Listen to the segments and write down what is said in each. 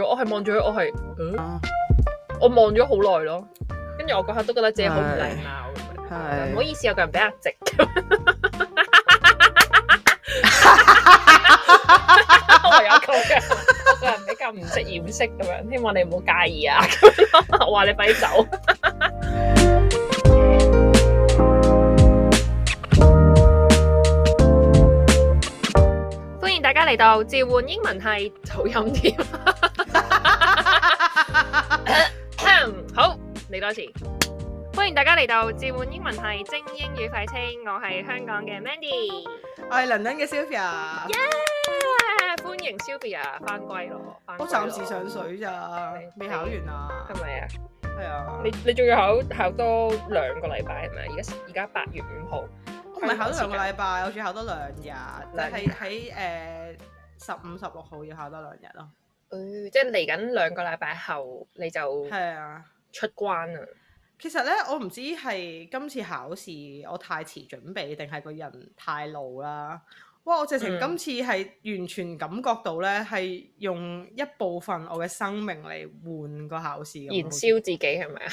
我係望咗，我係，嗯、 我望咗好耐咯，跟住我嗰刻都覺得自己好唔禮貌，唔的好意思，有個人比較直， 我有一個我個人比較唔識掩飾咁樣，希望你唔好介意啊， 我話你快啲走， 歡迎大家嚟到召喚英文系抖音添。 好，你多時，雷歡迎大家嚟到召喚英文係精英與廢青，我係香港嘅 Mandy，我係倫敦嘅 Sophia，耶，yeah! 歡迎 Sophia 翻歸咯，我暫時上水咋，未考完啊，係咪對啊？係啊，你你仲要考考多兩個禮拜係咪而家而家八月五號，我唔係考多兩個禮拜，我仲要考多兩天、呃、日，就係喺誒十五十六號要考多兩日咯。哦、即係嚟緊兩個禮拜後你就出關啦、啊。其實呢，我唔知係今次考試我太遲準備，定係個人太老啦。哇！我直情今次係完全感覺到呢，係、嗯、用一部分我嘅生命嚟換個考試。燃燒自己係咪啊？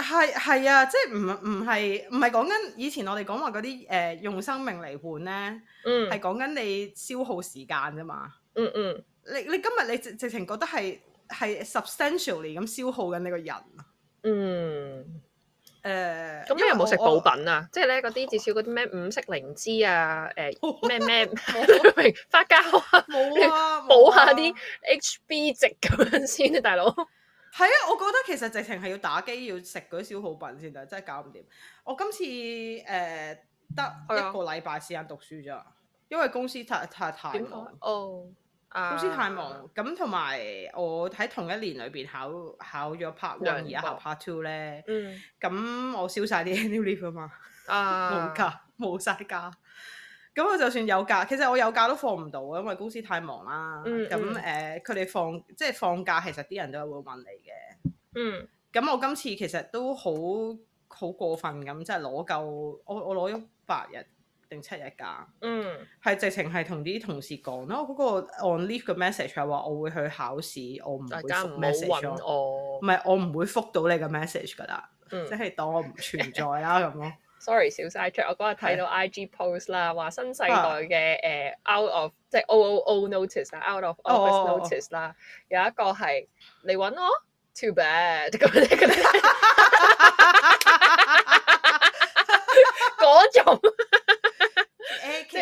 係 係啊，即係唔唔係唔係講緊以前我哋講話嗰啲誒，用生命嚟換呢，嗯，係講緊你消耗時間啫嘛，嗯嗯。你你今日你直直情覺得係係 substantially 咁消耗緊你個人？嗯，誒，咁你有冇食補品啊？即係咧嗰啲至少嗰啲咩五色靈芝啊，誒咩咩花膠啊，冇啊，補下啲 HB 值咁樣先啊，大佬。係啊，我覺得其實直情係要打機要食嗰啲消耗品先得，真係搞唔掂。我今次誒得一個禮拜時間讀書啫，因為公司太太太忙哦。公司太忙，咁同埋我喺同一年裏邊考考咗 part one，而家考 part two 咧，咁我燒晒啲 annual leave 啊嘛，冇假冇晒假，咁、嗯、 我就算有假，其實我有假都放唔到，因為公司太忙啦。咁誒、嗯嗯，佢哋、呃、放即係、就是、放假，其實啲人都係會問你嘅。咁、嗯、我今次其實都好好過分咁，即係攞夠，我我攞咗八日。定七日假，嗯，係直情係同啲同事講咯。嗰個 on leave 嘅 message 係話我會去考試，我唔會覆 message 我，唔係我唔會覆到你嘅 message 噶啦，即係當我唔存在啦咁咯。Sorry，小晒。最近我嗰日睇到 IG post 啦，話新世代嘅誒 out of 即係 ooo notice 啦，out of office notice 啦，有一個係你搵我，too bad 咁呢個咧嗰種。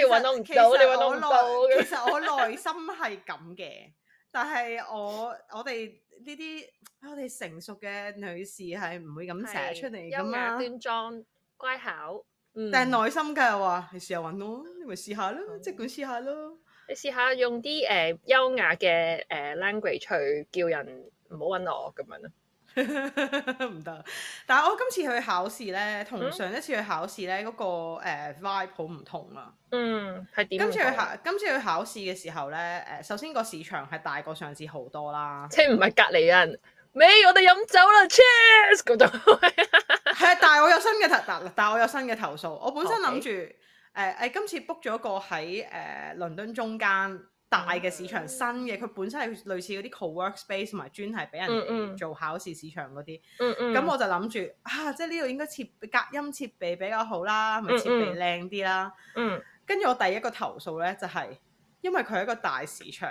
揾到唔到，你揾到唔到？其實我內心係咁嘅， 但係我我哋呢啲我哋成熟嘅女士係唔會咁寫出嚟噶嘛。優雅端莊乖巧，但係內心嘅話，係試下揾我咯，你咪試下咯，即管試下咯。你試下用啲誒優雅嘅誒 language 去叫人唔好揾我咁樣咯。唔得， 但係我今次去考試呢，同上一次去考試呢嗰，那個誒、呃、vibe 好唔同啊。嗯，係點？今次去考，今次去考試嘅時候呢，誒、呃，首先個市場係大過上次好多啦。即唔係隔離人，咪 我哋飲酒啦，Cheers！度 係， 但係我有新嘅投，但係我有新嘅投訴。我本身諗住，誒 Okay.、呃，今次 book 咗個喺誒、呃、倫敦中間。大嘅市場，mm hmm. 新嘅佢本身係類似嗰啲 co-work space 同埋專係俾人做考試市場嗰啲，咁、mm hmm. 嗯、我就諗住啊，即係呢度應該設隔音設備比較好啦，咪設備靚啲啦。跟住、mm hmm. 我第一個投訴呢，就係、是，因為佢係一個大市場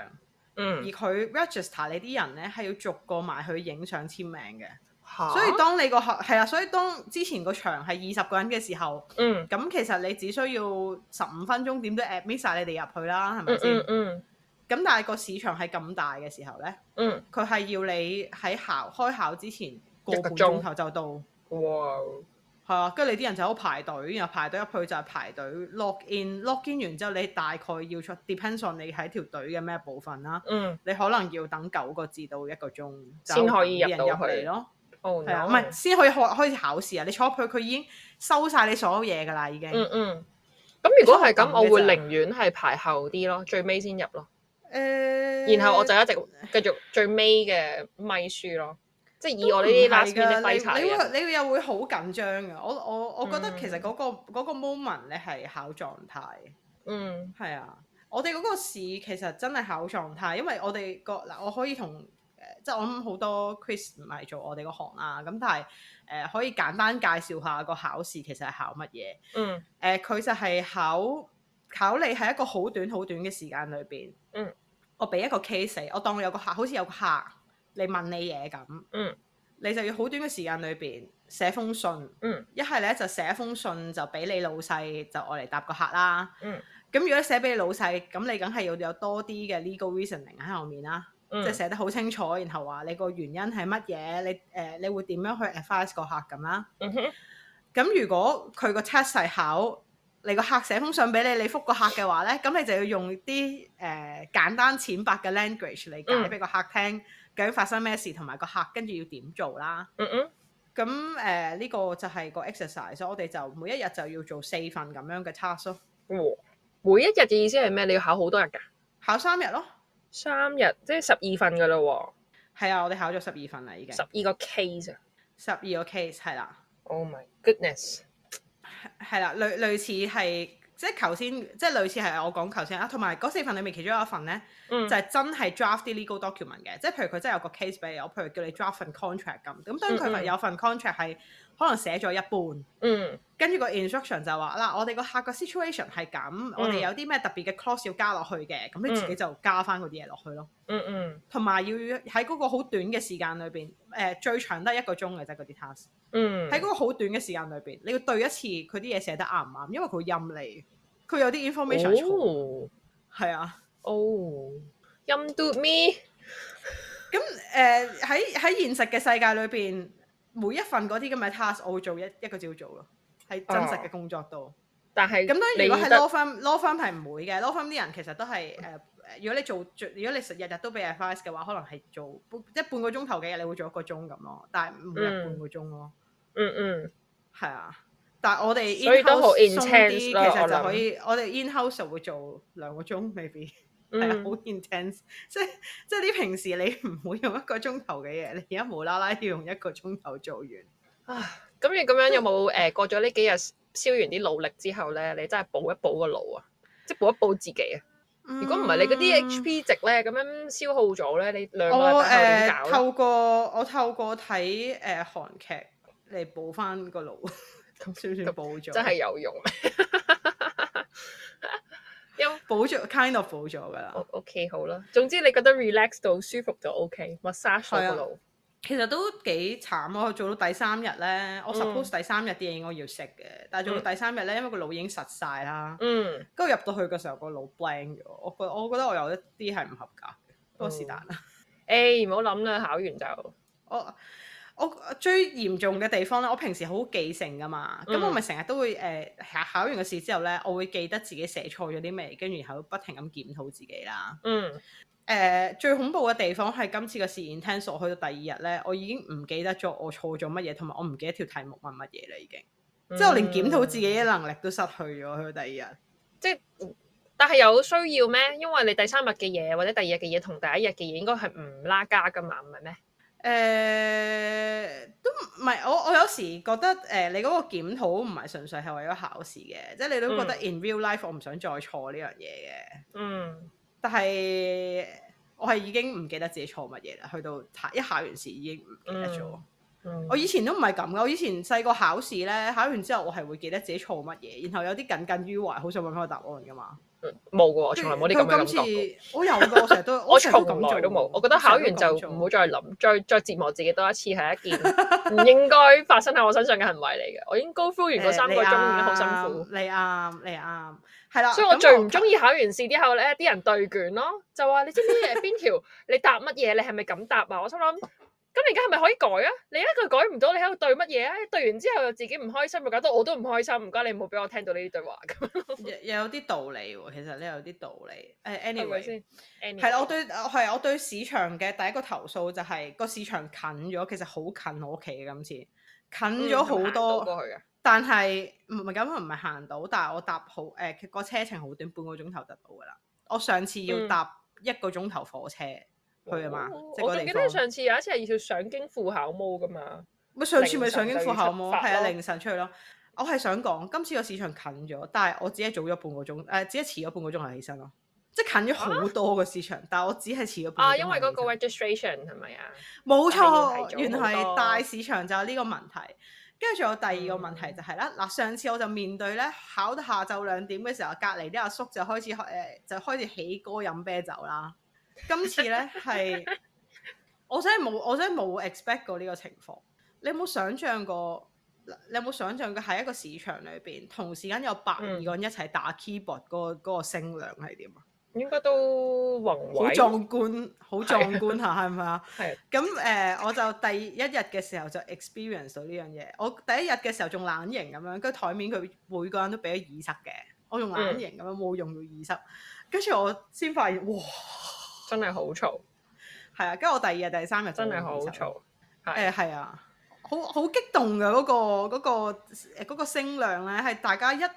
，mm hmm. 而佢 register 你啲人呢，係要逐個埋去影相簽名嘅。哈所以當你個場係啊，所以當之前個場係二十個人嘅時候，咁、嗯、其實你只需要十五分鐘點都 admit 晒你哋入去啦，係咪先？咁、嗯嗯、但係個市場係咁大嘅時候咧，佢係、嗯、要你喺考開考之前個半鐘頭就到。哇！係、嗯、啊，跟住你啲人就好排隊，然後排隊入去就係排隊 lock in lock in 完之後，你大概要出，depends on 你喺條隊嘅咩部分啦。嗯、你可能要等九個字到一個鐘先可以有人入到去咯。係，唔係先可以學開始考試啊？你坐佢，佢已經收晒你所有嘢噶啦，已經、嗯。嗯嗯。咁如果係咁，會我會寧願係排後啲咯，最尾先入咯。誒。Uh, 然後我就一直繼續最尾嘅咪書咯，嗯、即係以我呢啲 last minute 你又會好緊張噶，我我我覺得其實嗰、那個個 moment 你係考狀態。嗯。係、嗯、啊，我哋嗰個試其實真係考狀態，因為我哋、那個嗱，我可以同。即係我諗好多 Chris 唔係做我哋個行啊，咁但係誒、呃、可以簡單介紹下個考試其實係考乜嘢？嗯，誒佢、呃、就係考考你喺一個好短好短嘅時間裏邊，嗯，我俾一個 case，我當有個客，好似有個客你問你嘢咁，嗯，你就要好短嘅時間裏邊寫封信，嗯，一係咧就寫封信就俾你老細就我嚟答個客啦，嗯，咁如果寫俾你老細，咁你梗係要有多啲嘅 legal reasoning 喺後面啦。即係寫得好清楚，然後話你個原因係乜嘢？你誒、呃、你會點樣去 advise 個客咁啦？嗯，咁如果佢個 test 係考你個客寫封信俾你，你覆個客嘅話咧，咁你就要用啲誒、呃、簡單淺白嘅 language 嚟解釋俾個客聽、嗯、哼究竟發生咩事，同埋個客跟住要點做啦。嗯，咁誒呢個就係個 exercise，我哋就每一日就要做四份咁樣嘅 test 咯。嗯、哼每一日嘅意思係咩？你要考好多日㗎？考三日咯、啊。三日即係十二份噶咯、哦，係啊，我哋考咗十二份啦，已經十二個 case 十、啊、二個 case 係啦、啊、，Oh my goodness，係啦、啊，類類似係即係頭先，即係類似係我講頭先啊，同埋嗰四份裏面其中有一份咧，嗯、就係真係 draft 啲 legal document 嘅，即係譬如佢真係有個 case 俾你我，譬如叫你 draft 份 contract 咁，咁當佢咪有份 contract 係。嗯嗯可能寫咗一半，嗯，跟住個 instruction 就話、是、嗱，我哋個客個 situation 係咁，嗯、我哋有啲咩特別嘅 course 要加落去嘅，咁你自己就加翻嗰啲嘢落去咯，嗯嗯，同埋要喺嗰個好短嘅時間裏邊，誒最長得一個鐘嘅啫，嗰啲 task，嗯，喺嗰個好短嘅時間裏邊，你要對一次佢啲嘢寫得啱唔啱，因為佢音嚟，佢有啲 information 錯，係、喔、é 啊，哦、喔，音 do me，咁誒喺喺現實嘅世界裏邊。finest supplement 每一份嗰啲咁嘅 task，我會做一一個朝早做咯，喺真實嘅工作度、哦。但係咁當然，得如果係 law firm law firm 係唔會嘅，law firm 啲人其實都係誒、呃。如果你做如果你實日日都俾 advice 嘅話，可能係做一半個鐘頭嘅，嘢，你會做一個鐘咁咯。但係每日半個鐘咯，嗯嗯，係、嗯嗯、啊。但係我哋 in house 所以都好鬆啲，其實就可以。我哋想 in house 會做兩個鐘，maybe。係啊，好 intense，、嗯、即係即係啲平時你唔會用一個鐘頭嘅嘢，你而家無啦啦要用一個鐘頭做完啊！咁你咁樣有冇誒、呃、過咗呢幾日燒完啲努力之後咧，你真係補一補個腦啊，即係補一補自己啊！如果唔係你嗰啲 HP 值，咧，咁樣消耗咗咧，你兩個兩呢我誒、呃、透過我透過睇誒韓劇嚟，補翻個腦， 算唔算補咗？真係是有用。 因補咗，kind of 補咗噶啦。O K，okay，好啦，總之你覺得 relax 到舒服就 O K。massage、okay? 個腦，其實都幾慘咯。我做到第三日咧，嗯、我 suppose 第三日啲嘢應該要食嘅，但係做到第三日咧，因為個腦已經實晒啦。嗯，跟住入到去嘅時候，個腦 blank 咗。我覺我覺得我有一啲係唔合格，多是但啦。誒，唔好諗啦，考完就我。我最嚴重嘅地方咧，我平時好記性噶嘛，咁我咪成日都會誒、呃、考完個試之後咧，我會記得自己寫錯咗啲咩，跟住然後不停咁檢討自己啦。嗯，誒、呃、最恐怖嘅地方係今次個試驗，聽熟去到第二日咧，我已經唔記得咗我錯咗乜嘢，同埋我唔記得條題目係乜嘢啦，已經，嗯、即係我連檢討自己嘅能力都失去咗去到第二日、嗯。即係，但係有需要咩？因為你第三日嘅嘢或者第二日嘅嘢同第一日嘅嘢應該係唔拉加噶嘛，唔係咩？誒、呃、都唔係我，我有時覺得誒、呃、你嗰個檢討唔係純粹係為咗考試嘅，即係你都覺得、嗯、in real life 我唔想再錯呢樣嘢嘅。嗯，但係我係已經唔記得自己錯乜嘢啦。去到一考完試已經唔記得咗、嗯嗯。我以前都唔係咁噶。我以前細個考試咧，考完之後我係會記得自己錯乜嘢，然後有啲耿耿於懷，好想搵返個答案噶嘛。冇噶、嗯、我從來冇啲咁嘅感覺。我有噶，我成日都 我從咁耐都冇。我，都我覺得考完就唔好再諗， 再再折磨自己多一次係一件唔應該發生喺我身上嘅行為嚟嘅。我已經 go through 完嗰三個鐘，已經好辛苦。你啱、啊，你啱、啊，係啦。所以我最唔中意考完試之後咧，啲人對卷咯，就話你知唔知邊條？你答乜嘢？你係咪咁答啊？我心諗。咁而家係咪可以改啊？你一句改唔到，你喺度對乜嘢啊？對完之後又自己唔開心，搞到我都唔開心。唔該，你唔好俾我聽到呢啲對話咁。又 有啲道理喎、哦，其實咧有啲道理。誒，Anyway 先，Anyway 係啦，我對，係我對市場嘅第一個投訴就係、是、個市場近咗，其實好近我屋企嘅今次，近咗好多。行、嗯、去嘅，但係唔係咁，唔係行到，但係我搭好誒個、呃、車程好短，半個鐘頭就到噶啦。我上次要搭一個鐘頭火車。嗯去啊嘛，哦、我記得上次有一次係要上京赴考摸噶嘛，咪上次咪上京赴考摸，係啊，凌晨出去咯。我係想講今次個市場近咗，但係我只係早咗半個鐘，誒、呃、只係遲咗半個鐘嚟起身咯，即係近咗好多個市場，啊、但係我只係遲咗。半個啊，因為嗰個 registration 係咪啊行？冇錯，原係大市場就係呢個問題，跟住仲有第二個問題就係、是、啦。嗱、嗯，嗯、上次我就面對咧考到下晝兩點嘅時候，隔籬啲阿叔就開始誒就開始起歌飲啤酒啦。 今次咧係，我真係冇，我真係冇 expect 過呢個情況。你有冇想象過？你有冇想象過喺一個市場裏邊，同時間有百二個人一齊打 keyboard 嗰、嗯、個聲量係點啊？應該都宏偉，好壯觀，好壯觀吓，係咪啊？係咁誒，我就第一日嘅時候就 experience 到呢樣嘢。我第一日嘅時候仲懶型咁樣，個台面佢每個人都俾咗耳塞嘅，我用懶型咁樣冇用到耳塞，跟住我先發現哇～真係好嘈，係啊！跟住我第二日、第三日真係好嘈。誒係啊，好好激動嘅嗰個嗰個誒嗰個聲量咧，係大家一開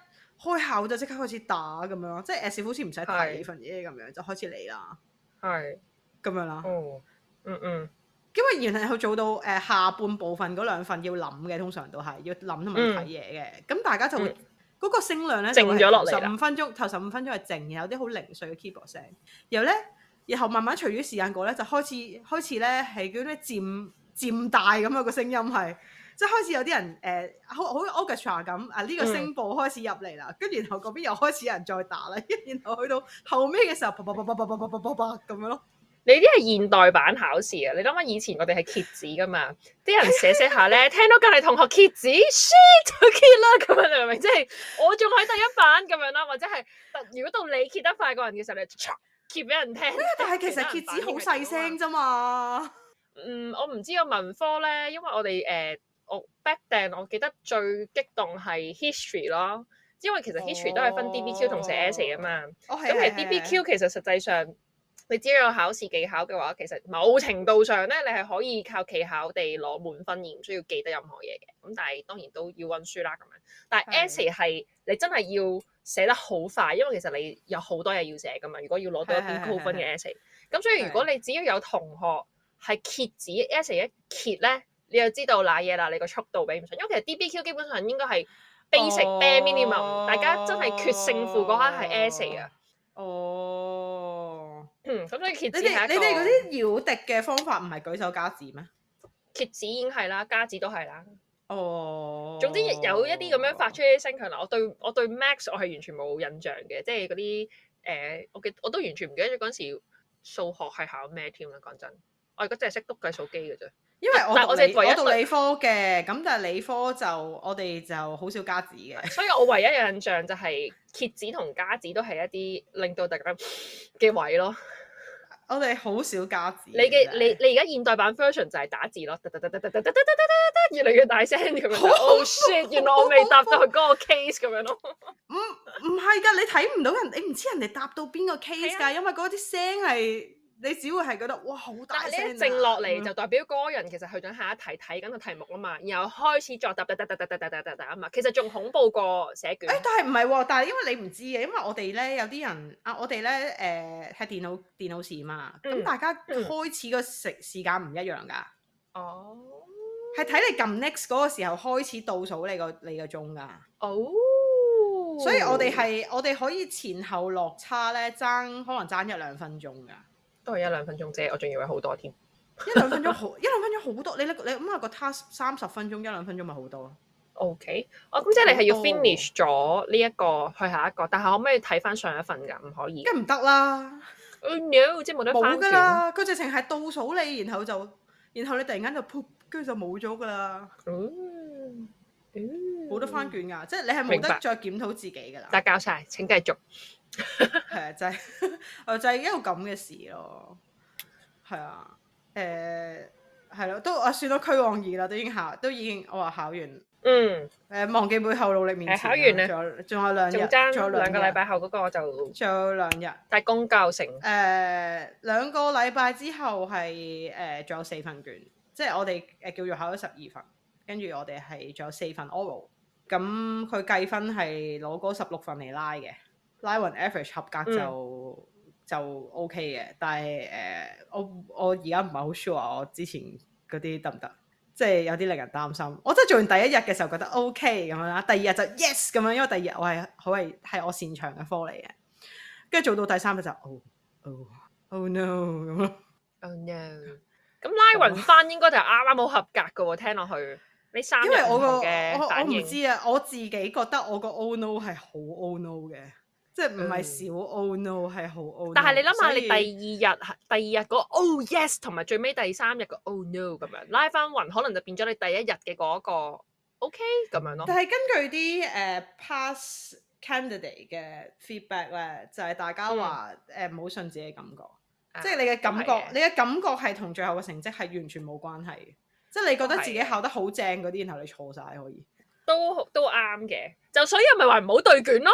口就即刻開始打咁樣，即係似好似唔使睇份嘢咁樣是就開始嚟啦。係咁是樣啦。哦，嗯嗯。因為然後做到誒、呃、下半部分嗰兩份要諗嘅，通常都係要諗同埋睇嘢嘅。咁、嗯、大家就會嗰、嗯、個聲量咧靜咗落嚟十五分鐘，頭十五分鐘係靜，有啲好零碎嘅 keyboard 聲。然後咧。然後慢慢隨住時間過咧，就開始開始咧係叫咩漸漸大咁啊個聲音係，即係開始有啲人誒好好 orchestra 咁啊呢個聲部開始入嚟啦，跟住然後嗰邊又開始有人再打啦，然後去到後尾嘅時候，叭叭叭叭叭叭叭叭叭，咁樣咯。你啲係現代版考試啊！你諗下以前我哋係揭紙噶嘛，啲人寫寫下咧，聽到隔籬同學揭紙，shit 就揭啦咁啊！明唔明？即係我仲喺第一版咁樣啦，或者係，如果到你揭得快過人嘅時候，你。keep 俾人聽，但係其實揭子好細聲啫嘛。嗯，我唔知個文科咧，因為我哋誒、呃、我 back then，我記得最激動係 history 咯。因為其實 history、哦、都係分 DBQ 同寫 s、哦、essay 噶嘛。咁其實 DBQ 其實實際上，你只要有考試技巧嘅話，其實某程度上咧，你係可以靠技巧地攞滿分而唔需要記得任何嘢嘅。咁但係當然都要溫書啦。咁樣，但係 essay 係你真係要。寫得好快，因為其實你有好多嘢要寫㗎嘛。如果要攞到一篇高分嘅 essay，咁所以如果你只要有同學係揭紙 essay 一揭咧，你就知道瀨嘢啦。你個速度比唔上，因為其實 DBQ 基本上應該係 basic bare minimum、哦。大家真係決勝負嗰刻係 essay 啊。哦。咁 所以揭紙係一個。你哋嗰啲繞滴嘅方法唔係舉手加字咩？揭紙已經係啦，加字都係啦。哦，oh, 總之有一啲咁樣發出啲聲響啦。我對我對 Max，我係完全冇印象嘅，即係嗰啲誒，我記我都完全唔記得咗嗰時數學係考咩添啦。講真，我而家只係識篤計數機嘅啫。因為我我哋我讀理科嘅，咁但係理科就我哋就好少加紙嘅。所以我唯一有印象就係揭紙同加紙都係一啲令到大家嘅位咯。我哋好少加字。你嘅的來你你而家現代版 version 就係打字咯，得得得得得得，嗒嗒嗒嗒，越嚟越大聲咁樣。Oh、 哦、shit！原來我未答到嗰個 case 咁樣咯。唔唔係㗎，你睇唔到人，你唔知人哋答到邊個 case 㗎，因為嗰啲聲係。 你只會係覺得哇好大聲，但係靜落嚟就代表嗰個人其實去咗下一題睇緊個題目啊嘛，然後開始作答答答答答答答答啊嘛，其實仲恐怖過寫卷。誒、哎，但係唔係喎？但係因為你唔知嘅，因為我哋咧有啲人啊，我哋咧誒係電腦電腦試嘛，咁、嗯、大家開始個時時間唔一樣㗎。哦、嗯，係睇你撳 next 嗰個時候開始倒數你個你個鐘㗎。哦，所以我哋係我哋可以前後落差咧爭可能爭一兩分鐘㗎。都係一兩分鐘啫，我仲以為好多添。一兩分鐘好，一兩分鐘好多。你你你諗下個 task 三十分鐘，一兩分鐘咪好多。O、okay. K，我咁即係你係要 finish 咗呢一個去下一個，但係可唔可以睇翻上一份噶？唔可以。梗係唔得啦！妖、嗯，no, 即係冇得翻捲。佢直情係倒數你，然後就然後你突然間就噗，跟住就冇咗噶啦。冇、哦哦、得翻捲噶，即係你係冇得再檢討自己噶啦。得交晒，請繼續。係 啊，就係就係一個咁嘅事咯。係啊，誒，係咯，都啊，算到區望二啦，都已經考，都已經我話、哦、考完。嗯，誒、呃，忘記背後努力面前。呃、考完啦，仲有兩日，仲有兩個禮拜後嗰個我就仲有兩日。但大功告成誒，兩、呃、個禮拜之後係誒，仲、呃、有四份卷，即係、嗯、我哋誒叫做考咗十二份，跟住我哋係仲有四份 oral，咁佢計分係攞嗰十六份嚟拉嘅。拉勻 average 合格就、嗯、就 O K 嘅，但係誒、uh, 我我而家唔係好 sure 我之前嗰啲得唔得？即係有啲令人擔心。我真係做完第一日嘅時候覺得 O K 咁樣啦，第二日就 Yes 咁樣，因為第二日我係好係係我擅長嘅科嚟嘅。跟住做到第三日就 oh, oh, oh No 咁咯，Oh No！咁 拉勻翻應該就啱啱好合格㗎喎，聽落去你三好好，因為我個我我唔知啊，我自己覺得我個 Oh No 係好 Oh No 嘅。即係唔係少？Oh no，係好 oh no。但係你諗下，你第二日以第二日嗰 oh yes，同埋最尾第三日嘅 oh no 咁樣拉返勻，可能就變咗你第一日嘅嗰個 OK 咁樣咯。但係根據啲誒、呃、pass candidate 嘅 feedback 咧，就係大家話誒唔好信自己嘅感覺，啊、即係你嘅感覺，是你嘅感覺係同最後嘅成績係完全冇關係。即係你覺得自己考得好正嗰啲，然後你錯晒可以。都都啱嘅，就所以咪話唔好對卷咯。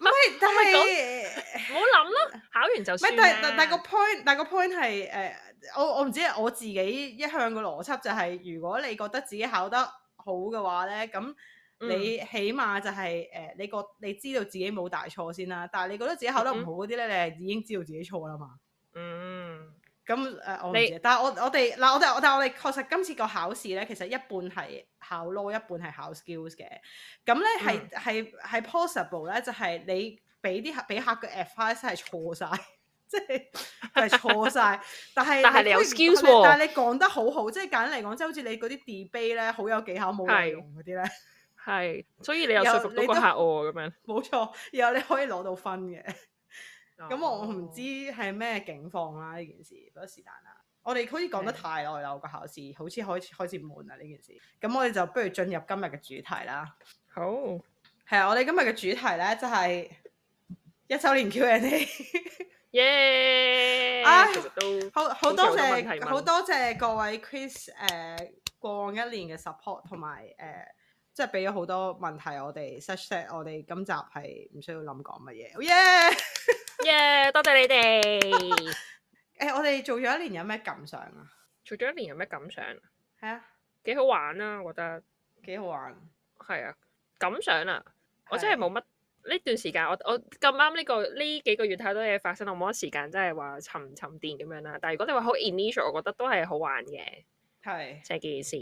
唔 係，但係唔好諗啦，考完就算啦。但 但，但個 point 但個 point 係誒、呃，我我唔知，我自己一向個邏輯就係、是，如果你覺得自己考得好嘅話咧，咁你起碼就係、是、誒、呃，你覺你知道自己冇大錯先啦。但係你覺得自己考得唔好啲咧，mm hmm. 你係已經知道自己錯啦嘛。嗯、mm。Hmm. 咁誒、嗯，我但係我我哋嗱，我哋我，我但係我哋確實今次個考試咧，其實一半係考 k n w 一半係考 skills 嘅。咁咧係係係、嗯、possible 咧，就係、是、你俾啲俾客嘅 advice 係錯曬，即係係錯晒。但係 但係你有 skills 但係你講得好好，即係簡單嚟講，即、就、係、是就是、好似你嗰啲 debate 咧，好有技巧冇是用嗰啲咧，係。所以你又説服到個客咁樣，冇 錯，然後你可以攞到分嘅。咁我唔知係咩境況啦，呢件事不時但啦，嗯、我哋好似講得太耐啦，我個考試好似開始開始悶啦呢件事，咁我哋就不如進入今日嘅主題啦。好係啊，我哋今日嘅主題呢，就係、是、一周年 Q&A。耶！唉，都好好，好多謝好問問多謝各位 Chris 誒、呃、過往一年嘅 support 同埋誒。呃即係俾咗好多問題，我，我哋 set 我哋今集係唔需要諗講乜嘢。好耶耶，多謝你哋。誒、 欸，我哋做咗一,一年有咩感想啊？做咗一年有咩感想？係啊，幾好玩啊！我覺得幾好玩。係 啊，感想啊，我真係冇乜呢段時間。我我咁啱呢個呢幾個月太多嘢發生，我冇乜時間真係話沉沉澱咁樣啦。但係如果你話好 initial，我覺得都係好玩嘅。係成是件事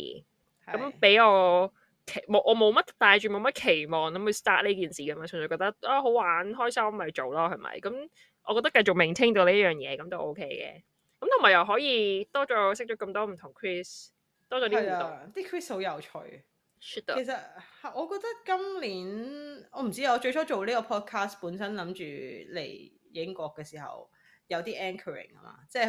咁俾 我。期，期望我冇乜帶住冇乜期望咁去 start 呢件事嘅嘛，純粹覺得啊好玩開心咪做咯，係咪？咁我覺得繼續 maintain 到呢樣嘢咁都 OK 嘅，咁同埋又可以多咗識咗咁多唔同 Chris，多咗啲互動，啲 Chris 好有趣，Should er. 其實我覺得今年我唔知我最初做呢個 podcast 本身諗住嚟英國嘅時候。有啲 anchoring 啊嘛，即係、嗯、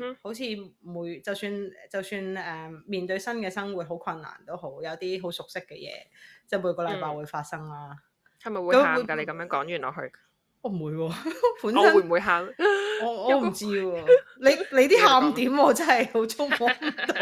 哼好似好似每就算就算誒、嗯、面對新嘅生活好困難都好，有啲好熟悉嘅嘢，就每個禮拜會發生啦、啊。係咪、嗯、會喊？會你咁樣講完落去，我唔會喎、啊。本身我會唔會喊？ 我我唔知喎、啊 有個。 你你啲喊點？我真係好捉摸唔到。誒誒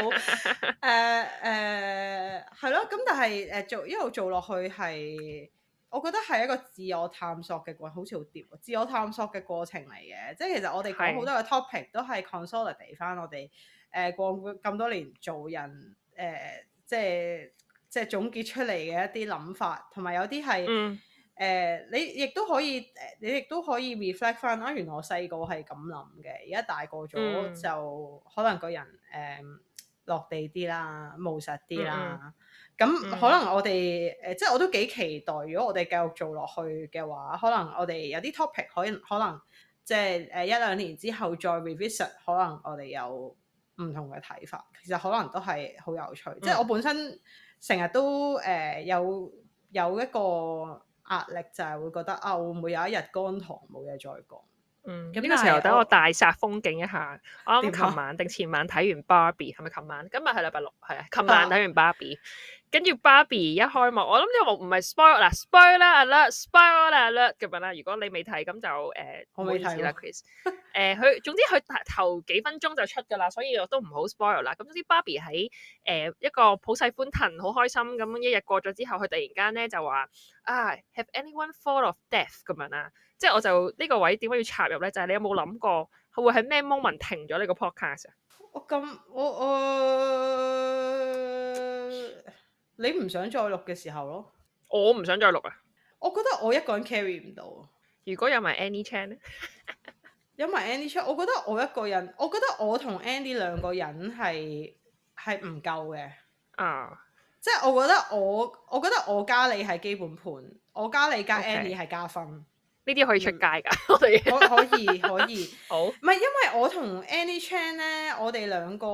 係咯，咁、uh, uh, 但係誒、啊、做一路做落去係。我覺得係一個自我探索嘅過，好似好屌自我探索嘅過程嚟嘅，即係其實我哋講好多嘅 topic 是都係 consolidate 翻我哋誒、呃、過咁多年做人誒、呃，即係即係總結出嚟嘅一啲諗法，同埋有啲係誒你亦都可以誒，你亦都可以 reflect 翻啊！原來我細個係咁諗嘅，而家大個咗、嗯、就可能個人誒、呃、落地啲啦，務實啲啦。嗯。咁可能我哋誒，嗯、即係我都幾期待。如果我哋繼續做落去嘅話，可能我哋有啲 topic 可以，可能即係誒一兩年之後再 revisit，可能我哋有唔同嘅睇法。其實可能都係好有趣。嗯、即係我本身成日都誒有有，有一個壓力，就係會覺得啊，會唔會有一日乾塘冇嘢再講？嗯，咁呢個時候等我，我大殺風景一下。啱琴晚定、啊、前晚睇完 Barbie，係咪琴晚？今日係禮拜六，係啊，琴晚睇完 Barbie。啊跟住芭比一開幕，我諗呢個唔係 spoil 嗱，spoiler alert，spoiler alert 咁樣啦。如果你未睇咁就誒，我未睇啦，Chris。誒，佢總之佢頭幾分鐘就出㗎啦，所以我都唔好 spoil 啦。咁總之芭比喺誒一個普世歡騰，好開心咁樣一日過咗之後，佢突然間咧就話啊，Have anyone thought of death 咁樣啦？即係我就呢個位點解要插入咧？就係你有冇諗過佢會喺咩 moment 停咗呢個 podcast 啊？我咁，我我。你唔想再錄嘅時候咯，我唔想再錄啊！我覺得我一個人 carry 唔到。如果有埋 Andy Chan 呢？ 有埋 Andy Chan，我覺得我一個人，我覺得我同 Andy 兩個人係係唔夠嘅。啊！即係我覺得我，我覺得我加你係基本盤，我加你加 Andy 係加分。Okay. 呢啲可以出街噶，我、嗯、 可以可以好，唔係、oh. 因為我同 Annie Chan 咧，我哋兩個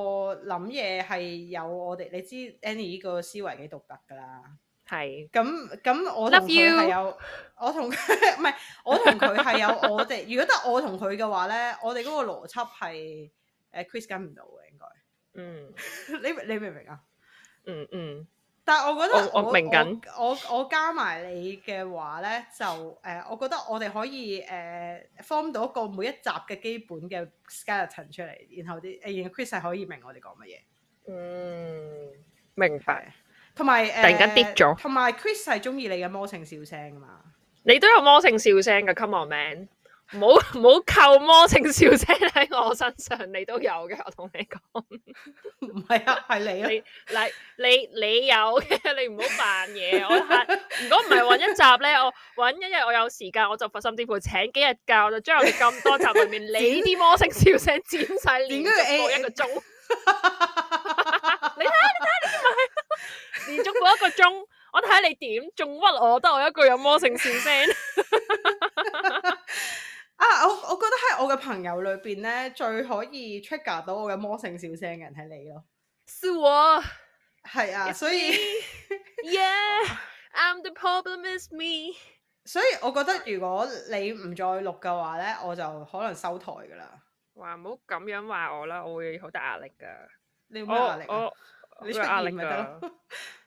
諗嘢係有我哋，你知 Annie 呢個思維幾獨特噶啦，係咁咁我同佢係有，Love you. 我同跟佢，唔 係我同佢係有我哋， 如果得我同佢嘅話咧，我哋嗰個邏輯係誒 Chris 跟唔到嘅應該，嗯、mm. 你你明唔明啊？嗯嗯、mm。Hmm. 但係我覺得我我我明我，我，我加埋你嘅話咧，就誒、呃、我覺得我哋可以誒 form、呃、到一個每一集嘅基本嘅 skeleton 出嚟，然後啲誒而 Chris 係可以明我哋講乜嘢。嗯，明白。同埋、呃、突然間跌咗。同埋 Chris 係中意你嘅魔性笑聲啊嘛！你都有魔性笑聲嘅 come on man。唔好唔好扣魔性笑聲喺我身上，你都有嘅。我同你講，唔係啊，係你啊，你你你有嘅，你唔好扮嘢。我睇，如果唔係搵一集咧，我搵一日我有時間，我就甚至乎請幾日假，我就將我哋咁多集裏面你啲魔性笑聲剪晒，連續播一個鐘。你睇你睇你咪連續播一個鐘，我睇你點仲屈我，得我一個有魔性笑聲。啊，我我覺得喺我嘅朋友裏邊咧，最可以 trigger 到我嘅魔性笑聲嘅人係你咯。是我。係啊，所以。Yeah, I'm the problem is me。所以我覺得如果你唔再錄嘅話咧，我就可能收台噶啦。話唔好咁樣話我啦，我會好大壓力噶。你冇咩壓力啊？你出現咪得咯。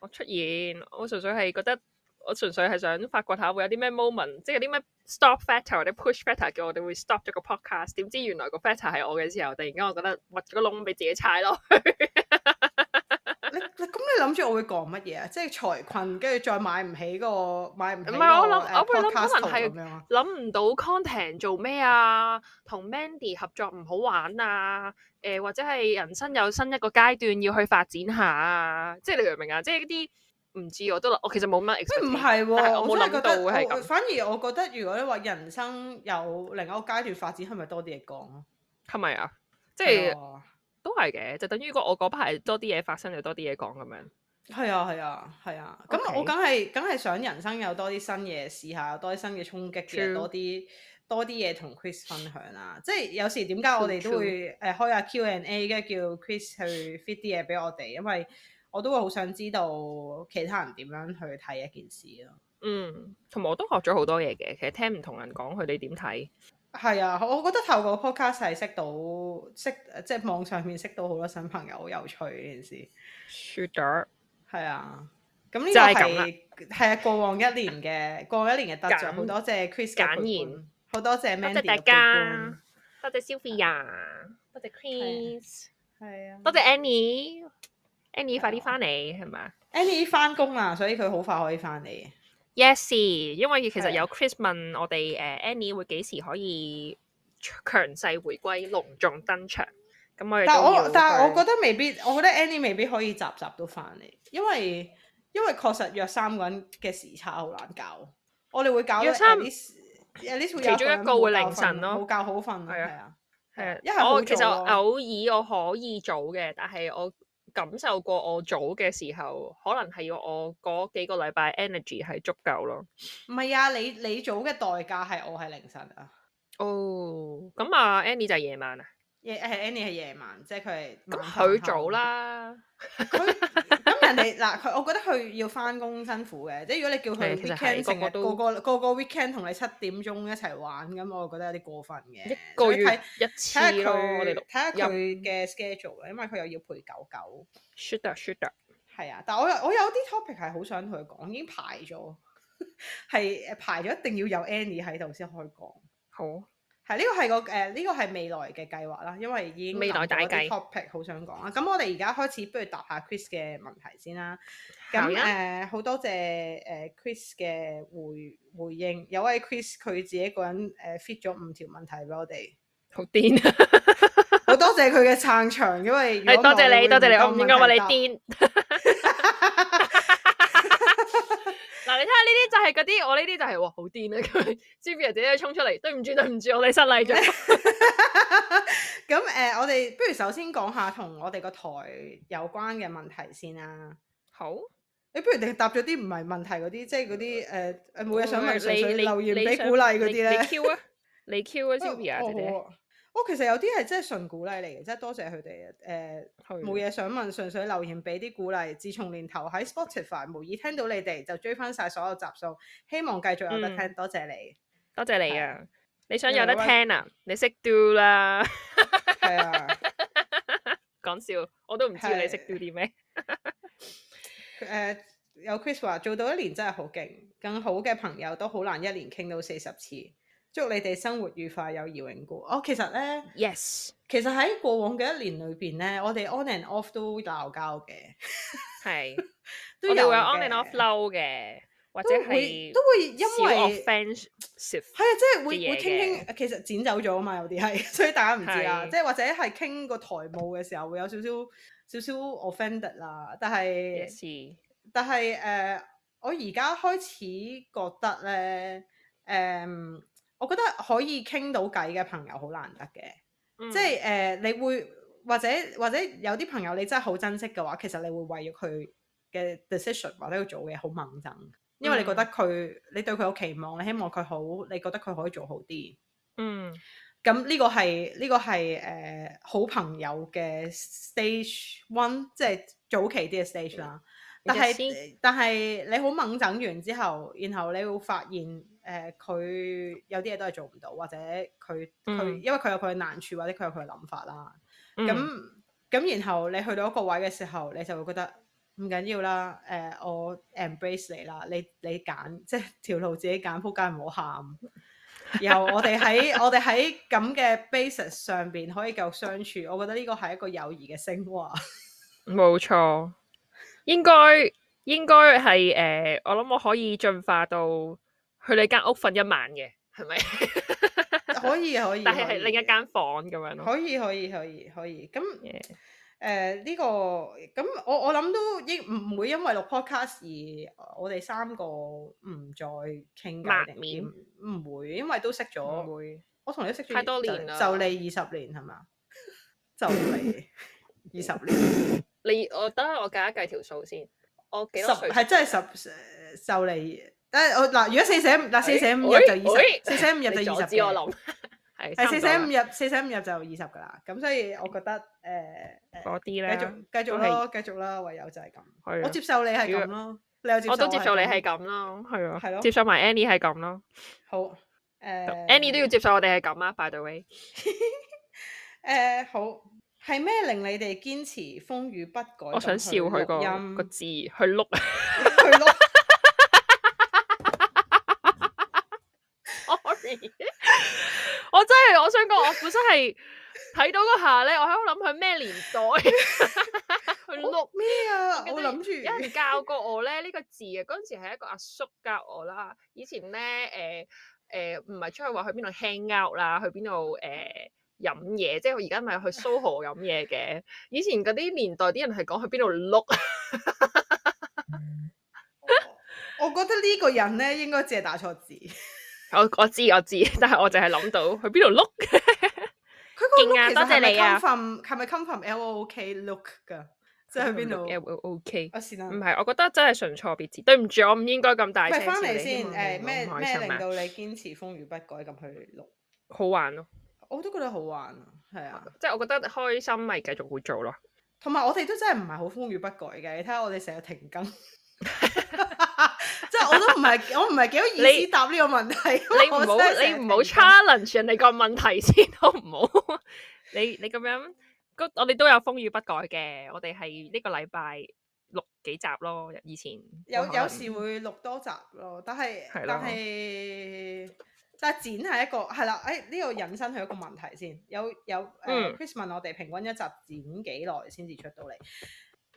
我出現，我純粹係覺得。我純粹係想發掘下會有啲咩 moment，即係有啲咩 stop factor 或者 push factor 叫我哋會 stop 咗個 podcast，點知原來個 factor 係我嘅時候，突然間我覺得挖咗個窿俾自己踩落去咁 你諗住我會講乜嘢啊？即係財困，跟住再買唔起個買唔起、嗰個？唔係我諗，我會諗可能係諗唔到 content 做咩啊？同 Mandy 合作唔好玩啊？誒、呃、或者係人生有新一個階段要去發展下啊？即係你明唔明啊？即係嗰啲。唔知我都我其實冇乜、啊，佢唔係喎，我冇諗到會係咁。反而我覺得，如果你話人生有另一個階段發展，係咪多啲嘢講咯？係咪啊？即係的都係嘅，就等於我嗰排多啲嘢發生，又多啲嘢講咁樣。係啊係啊係啊！咁、啊啊、Okay. 我梗係梗係想人生有多啲新嘢試下，多啲新嘅衝擊嘅 True. 多啲多啲嘢同 Chris 分享啊。True. 即係有時點解我哋都會誒 True. True.、啊、開下 Q and A，跟住叫 Chris 去 fit 啲嘢俾我哋，因為。我都會好想知道其他人點樣去睇一件事咯。嗯，同埋我都學咗好多嘢嘅。其實聽唔同人講佢哋點睇，係啊，我覺得透過 Podcast 係識到，識即係網上面識到好多新朋友，好有趣呢件事。Sugar 係啊，咁呢個係係啊，過往一年嘅過往一年嘅得獎好多，謝 Chris 簡言，好多謝 Mandy，多謝大家，多謝 Sophia 多謝 Chris，係啊，多謝 Annie。Annie 快啲翻嚟，係咪？Annie 翻工啊，所以佢好快可以翻嚟。Yes，因為其實有 Chris 問我哋誒 Annie 會幾時可以強勢回歸隆重登場。咁我但係我但係我覺得未必，我覺得 Annie 未必可以集集都翻嚟，因為因為確實約三個人嘅時差好難搞。我哋會搞。約三。Annie 會有。其中一個會凌晨咯，冇覺好瞓係啊。係啊，一係我其實偶爾我可以早嘅，但係我。感受過我早嘅時候，可能係要我嗰幾個禮拜 energy 係足夠咯。唔係啊，你你早嘅代價係我喺凌晨啊。哦、oh, 啊，咁啊，Annie 就夜晚啊。夜、yeah, Annie 係夜晚，即係佢係佢早啦。佢咁人哋嗱佢，我覺得佢要翻工辛苦嘅，即係如果你叫佢 weekend 同你個個個個 weekend 同你七點鐘一齊玩，咁我覺得有啲過分嘅。一個月睇一次睇下佢嘅 schedule 因為佢又要陪狗狗。Shooter Shooter 係啊，但係我有我有啲 topic 係好想同佢講，已經排咗係 排咗，一定要有 Annie 喺度先可以講。好。係呢個係個誒呢、呃這個係未來嘅計劃啦，因為已經到未來大計。topic 好想講啊，咁我哋而家開始不如答，答下 Chris 嘅問題先啦。咁誒好多謝誒、呃、Chris 嘅回回應，有位 Chris 佢自己一個人誒 fit 咗五條問題俾我哋，好癲啊！好 多謝佢嘅撐場，因為 多謝你，多謝你，謝你我唔應該話你癲。 呢啲就係嗰啲，我呢啲就係、是、哇，好癲啊！Sophia 姐姐衝出嚟， 對唔住對唔住，我哋失禮咗。咁 誒、 呃，我哋不如首先講下同我哋個台有關嘅問題先啦。好，你、欸、不如你答咗啲唔係問題嗰啲，即係嗰啲誒誒，每日想問上嚟上、哦、留言俾鼓勵嗰啲啦。你 Q 啊， 你 Q 啊，Sophia 姐姐。我、哦、其實有啲係真係純鼓勵嚟嘅，真係多謝佢哋啊！冇、呃、嘢的想問，純粹留言俾啲鼓勵。自從年頭喺 Spotify 無意聽到你哋，就追翻晒所有集數，希望繼續有得聽。嗯、多謝你，多謝你啊！是你想有得聽啊？你識 do 啦？係 啊，講， 笑，我都唔知你識 do 啲咩。誒是、 呃，有 Chris 話做到一年真係好勁，更好嘅朋友都好難一年傾到四十次。祝你哋生活愉快，友誼永固。我、哦、其實咧，yes，其實喺過往嘅一年裏邊咧，我哋 on and off 都鬧交嘅，係，我哋會有 on and off flow 嘅，或者係都，都會因為 offend，係啊，即係會會傾傾，其實剪走咗啊嘛，有啲係，所以大家唔知啊，是即係或者係傾個台務嘅時候會有點點少少少少 offended 啦，但係，Yes. 但係誒、呃，我而家開始覺得咧，誒、嗯。嗯我覺得可以傾到偈嘅朋友好難得嘅，嗯、即係係誒，uh, 你會或者或者有啲朋友你真係好珍惜嘅話，其實你會為咗佢嘅 decision 或者佢做嘢好猛憎，因為你覺得佢、嗯、你對佢有期望，你希望佢好，你覺得佢可以做好啲。嗯，咁呢個係呢、呢個係誒、uh, 好朋友嘅 stage one，即係早期啲嘅 stage 啦。但係 just 但係你好猛憎完之後，然後你會發現。.誒佢、呃、有啲嘢都係做唔到，或者佢佢、嗯、因為佢有佢嘅難處，或者佢有佢嘅諗法啦。咁咁、嗯，然後你去到一個位嘅時候，你就會覺得唔緊要啦。誒、呃，我 embrace 你啦，你你揀即係條路自己揀，撲街唔好喊。然 後我哋喺 我哋喺咁嘅 basis 上邊可以夠相處，我覺得呢個係一個友誼嘅昇華。冇 錯，應該應該係誒、呃，我諗我可以進化到。去你間屋瞓一晚嘅，係咪？可以可以，但係係另一間房咁樣咯。可以可以可以可以，咁誒呢個咁我我諗都應唔會因為錄 podcast 而我哋三個唔再傾偈定點？唔會，因為都識咗。唔會，我同你都識咗太多年啦。就嚟二十年係嘛？就嚟二十年。你我等下我計一計條數先，我幾多歲？係真係十誒，就嚟。誒，我嗱，如果四捨五，嗱四捨五入就二十，四捨五入就二十。你阻住我諗，係係四捨五入四捨五入就二十噶啦。咁所以我覺得誒，嗰啲咧，繼續繼續咯，繼續啦。唯有就係咁，我接受你係咁咯，你又接受，我都接受你係咁咯，係啊，係咯，接受埋 Annie 係咁咯。好，誒，Annie 都要接受我哋係咁啊。By the way，誒，好，係咩令你哋堅持風雨不改？我想笑佢個音，個字，去碌去碌。 我真係，我想講，我本身係睇到嗰下咧，我喺度諗佢咩年代 去錄，去碌咩啊？我諗住有人教過我咧呢、這個字啊，嗰陣時係一個阿叔教我啦。以前咧，誒、呃、誒，唔、呃、係出去話去邊度 hang out 啦，去邊度誒飲嘢，即係我而家咪去 Soho 飲嘢嘅。 以前嗰啲年代啲人係講去邊度碌。 Oh, 我覺得呢個人咧應該只係打錯字。我我知我知，但係我就係諗到去邊度 look。佢個 look 多謝你其實係咪 come from L O O K look 噶？即係邊度 L O O K？我試下，唔係，我覺得真係純錯別字。對唔住，我唔應該咁大聲。係翻嚟先，誒咩咩令到你堅持風雨不改咁去錄？好玩咯，我都覺得好玩，係啊，即係我覺得開心咪繼續會做咯。同埋我哋都真係唔係好風雨不改嘅，你睇下我哋成日停更。 我都唔係，我唔係幾好意思答呢你個問題。你唔好你唔好 challenge 人哋個問題先，都唔好？ 你你咁樣，我哋都有風雨不改嘅。我哋係呢個禮拜錄幾集咯，以前有有時會錄多集咯。但係的但係，就剪係一個係啦。誒呢、哎這個引申係一個問題先。有有誒、uh,，Chris 問我哋平均一集剪幾耐先至出到嚟？誒，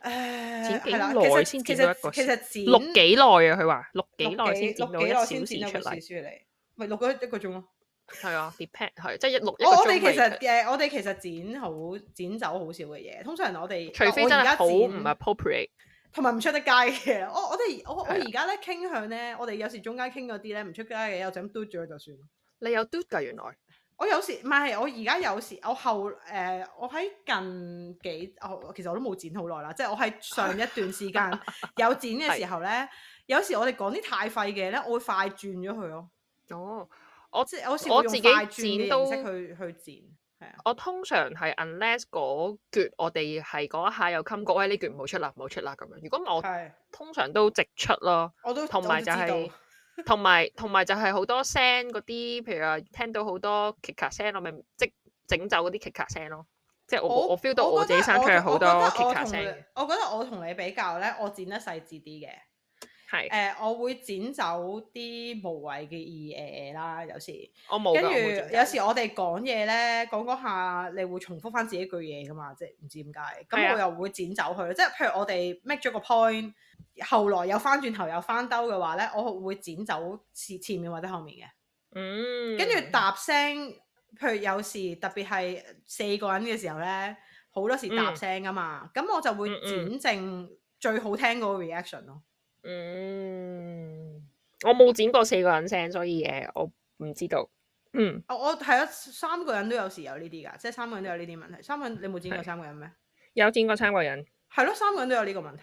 剪幾耐先剪到一個其實剪錄幾耐啊？佢話錄幾耐先剪到一個、啊、到小時出嚟，咪錄咗一個鐘咯、啊。係 啊，depend 係，即係、就是、一錄我哋其實誒、 呃，我哋其實剪好剪走好少嘅嘢，通常我哋除非而家剪唔 appropriate，同埋唔出得街嘅。我我哋我我而家咧傾向咧，我哋有時中間傾嗰啲咧唔出街嘅，我就咁 do 咗就算。你有嘟㗎原來？我有時唔係，我而家有時我後誒、呃，我喺近幾，我其實我都冇剪好耐啦。即係我喺上一段時間 有剪嘅時候咧，是有時我哋講啲太廢嘅咧，我會快轉咗佢咯。哦，我即係我時會用快轉嘅形式去剪去，去剪。係啊，我通常係 unless 嗰段，我哋係嗰下又襟過，喂呢段唔好出啦，唔好出啦咁樣。如果唔係，我通常都直出咯。是我都同埋就係。同埋同埋就係好多聲嗰啲，譬如話聽到好多咔咔聲，我咪即整走嗰啲咔咔聲咯。即係我我 feel 到我自己聲出去好多咔咔聲。我覺得我同你比較咧，我剪得細緻啲嘅。係、呃、我會剪走啲無謂嘅二嘢啦。有時我冇，跟住後有，有時我哋講嘢呢，講講下你會重複翻自己句嘢噶嘛？即係唔知點解，咁我又會剪走佢。的即係譬如我哋 make 咗個 point，後來又翻轉頭又翻兜嘅話呢，我會剪走前，前面或者後面嘅。嗯，跟住搭聲，譬如有時特別係四個人嘅時候呢，好多時搭聲啊嘛。咁、嗯、我就會剪正最好聽嗰個 reaction 咯。嗯嗯嗯，我冇剪過四個人聲，所以誒，我唔知道。嗯，哦、我係啊，三個人都有時有呢啲噶，即係三個人都有呢啲問題。三個人，你冇剪過三個人咩？有剪過三個人。係咯、啊，三個人都有呢個問題。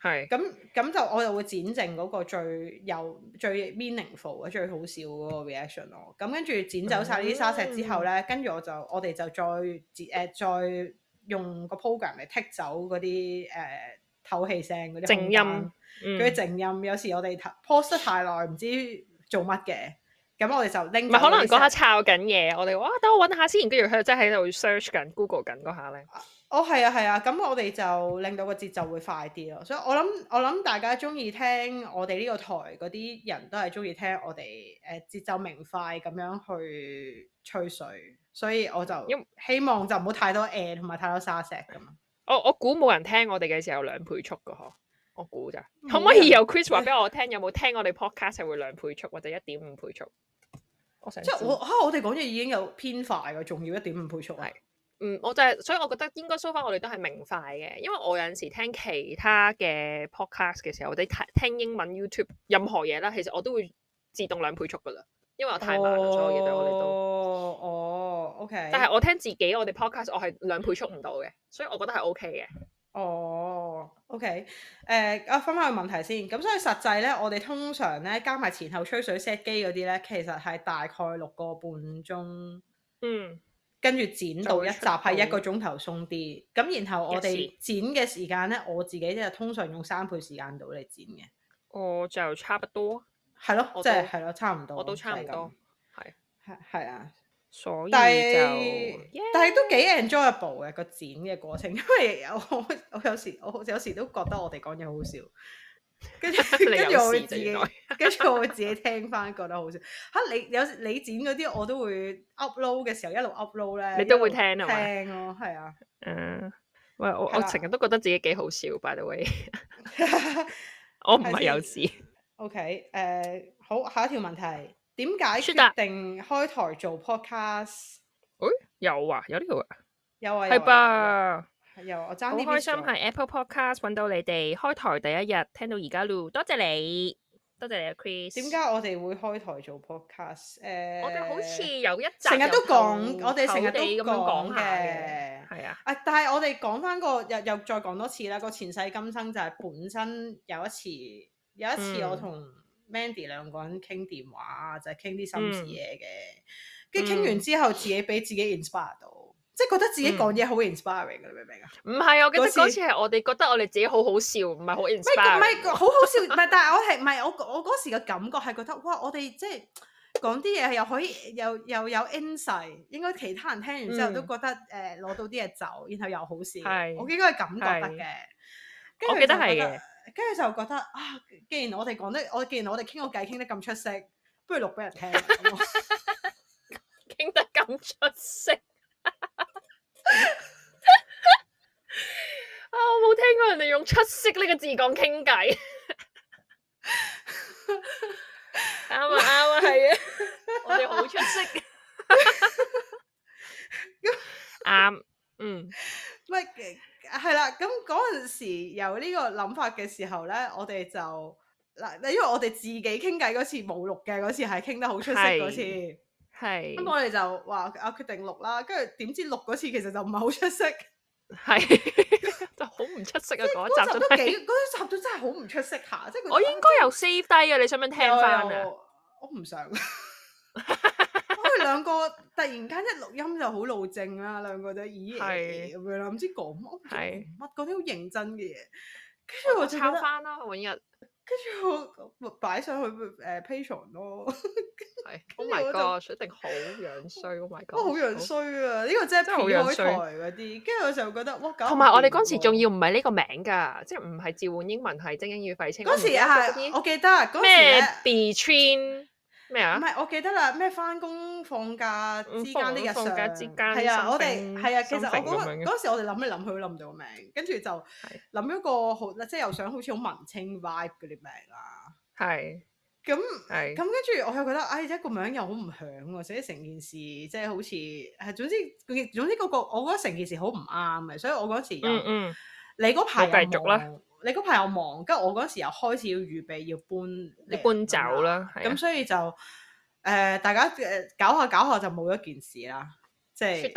係是。咁咁就我又會剪剩嗰個最有最 meaningful 嘅最，最好笑嗰個 reaction 咯。咁跟住剪走晒呢啲沙石之後咧，嗯、跟住我就我哋就再誒、呃，再用個 program 嚟剔走嗰啲誒透氣聲嗰啲靜音。佢啲、嗯、靜音有時我哋 post 得太耐，唔知做乜嘅，咁我哋就拎唔係，可能嗰下抄緊嘢，我哋話等我揾下先，跟住佢即係喺度 search 緊、Google 緊嗰下咧。哦，係啊，係啊，咁我哋就令到個節奏會快啲咯。所以我諗，我諗大家中意聽我哋呢個台嗰啲人都係中意聽我哋誒節奏明快咁樣去吹水，所以我就希望就唔好太多 ad 同埋太多沙石咁、嗯嗯哦。我我估冇人聽我哋嘅時候兩倍速噶嗬。我估咋？嗯、可唔可以由 Chris 話俾我聽？嗯、有冇聽我哋 podcast 係會兩倍速或者一點五倍速？倍速即係是我吓我哋講嘢已經有偏快噶，仲要一點五倍速係。嗯，我就係、是，所以我覺得應該 show 翻我哋都係明快嘅。因為我有陣時聽其他嘅 podcast 嘅時候，或者聽、聽英文 YouTube 任何嘢啦，其實我都會自動兩倍速噶啦，因為我太慢啦，哦、所有嘢對我哋都。哦，OK。但係我聽自己我哋 podcast，我係兩倍速唔到嘅，所以我覺得係 OK 嘅。哦，OK，誒、呃，啊，翻返個問題先，咁、嗯、所以實際咧，我哋通常咧加埋前後吹水 set 機嗰啲咧，其實係大概六個半鐘，嗯，跟住剪到一集係一個鐘頭鬆啲，咁然後我哋剪嘅時間咧，Yes. 我自己就通常用三倍時間度嚟剪嘅，我就差不多，係咯了，即係係咯，差唔多我，我都差唔多，係係係啊。是 所以就，但係是 Yeah. 都幾 enjoyable 嘅個剪嘅過程，因為我我有時我有時都覺得我哋講嘢好好笑，跟住 跟住我自己， 跟住我自己聽翻覺得好笑。吓你有你，你剪嗰啲，我都會 upload 嘅時候一路 upload 咧，你都會聽，聽，嗎聽啊？聽咯，係啊，嗯，喂，我我成日都覺得自己幾好笑。By the way，我唔係有事。OK，誒、呃，好，下一條問題。點解決定開台做 podcast？誒、欸，有啊，有呢個啊，有啊，係吧？有，啊，我好開心喺 Apple Podcast 搵到你哋開台第一日，聽到而家咯，多謝你，多謝你啊，Chris。點解我哋會開台做 podcast？誒，我哋好似有一陣成日都講，我哋成日都咁樣講嘅，係啊。誒，但係我哋講翻個，又又再講多次啦。個前世今生就係本身有一次，有一次我同、嗯。Mandy 兩個人傾電話就係傾啲心思嘢嘅，跟住傾完之後自己俾自己 inspire 到，即係覺得自己講嘢好 inspiring，明唔明啊？唔係，我記得嗰次係我哋覺得我哋自己好好笑，唔係好 inspiring，唔係好好笑，唔係，但係我係唔係我我嗰時嘅感覺係覺得哇，我哋即係講啲嘢又可以又又有 inspire，應該其他人聽完之後都覺得誒攞到啲嘢走，然後又好笑，我應該係咁覺得嘅。跟住我記得係嘅。跟住就覺得啊，既然我哋講得，我既然我哋傾個偈傾得咁出色，不如錄俾人聽。傾得咁出色啊！我冇聽過人哋用出色呢個字講傾偈。啱啊啱啊，係啊！我哋好出色。啱嗯。喂。係啦，咁嗰陣時有呢個諗法嘅時候呢，我哋就嗱，因為我哋自己傾偈嗰次冇錄嘅嗰次係傾得好出色嗰次，係咁我哋就話啊決定錄啦，跟住點知錄嗰次其實就唔係好出色，係就好唔出色啊嗰 集都幾嗰集都真係好唔出色下。即係我應該有 save 低嘅、啊，你想唔想聽翻？我唔想。 兩個突然間一錄音就好老正啦，兩個就咦咁樣啦，唔知講乜講乜嗰啲好認真嘅嘢，跟住我抄翻啦，搵日跟住我擺上去誒 Patreon 咯。係，Oh my God，一定好樣衰，Oh my God，好樣衰啊！呢個真係好樣衰啲，跟住我就覺得哇，搞同埋我哋嗰時仲要唔係呢個名㗎，即係唔係召喚英文係精英與廢青，嗰時我記得咩 between。咩啊？唔係，我記得啦。咩翻工放假之間啲日常，係啊，我哋係東西 啊。其實我覺得嗰時我哋諗一諗佢都諗唔到個名，跟住就諗咗是個好，即係又想好似好文青嘅 vibe 嗰啲名啦。係是。咁那，咁跟住我又覺得，哎，即係個名又好唔響喎，所以成件事即係、就是、好似係，總之總之嗰個我覺得成件事好唔啱嘅。所以我嗰時又嗯，嗯，嗯你嗰排繼續啦。你嗰排又忙，跟我嗰時又開始要預備要搬，你搬走啦，咁那麼 的所以就誒、呃、大家誒搞下搞下就冇咗件事啦，即係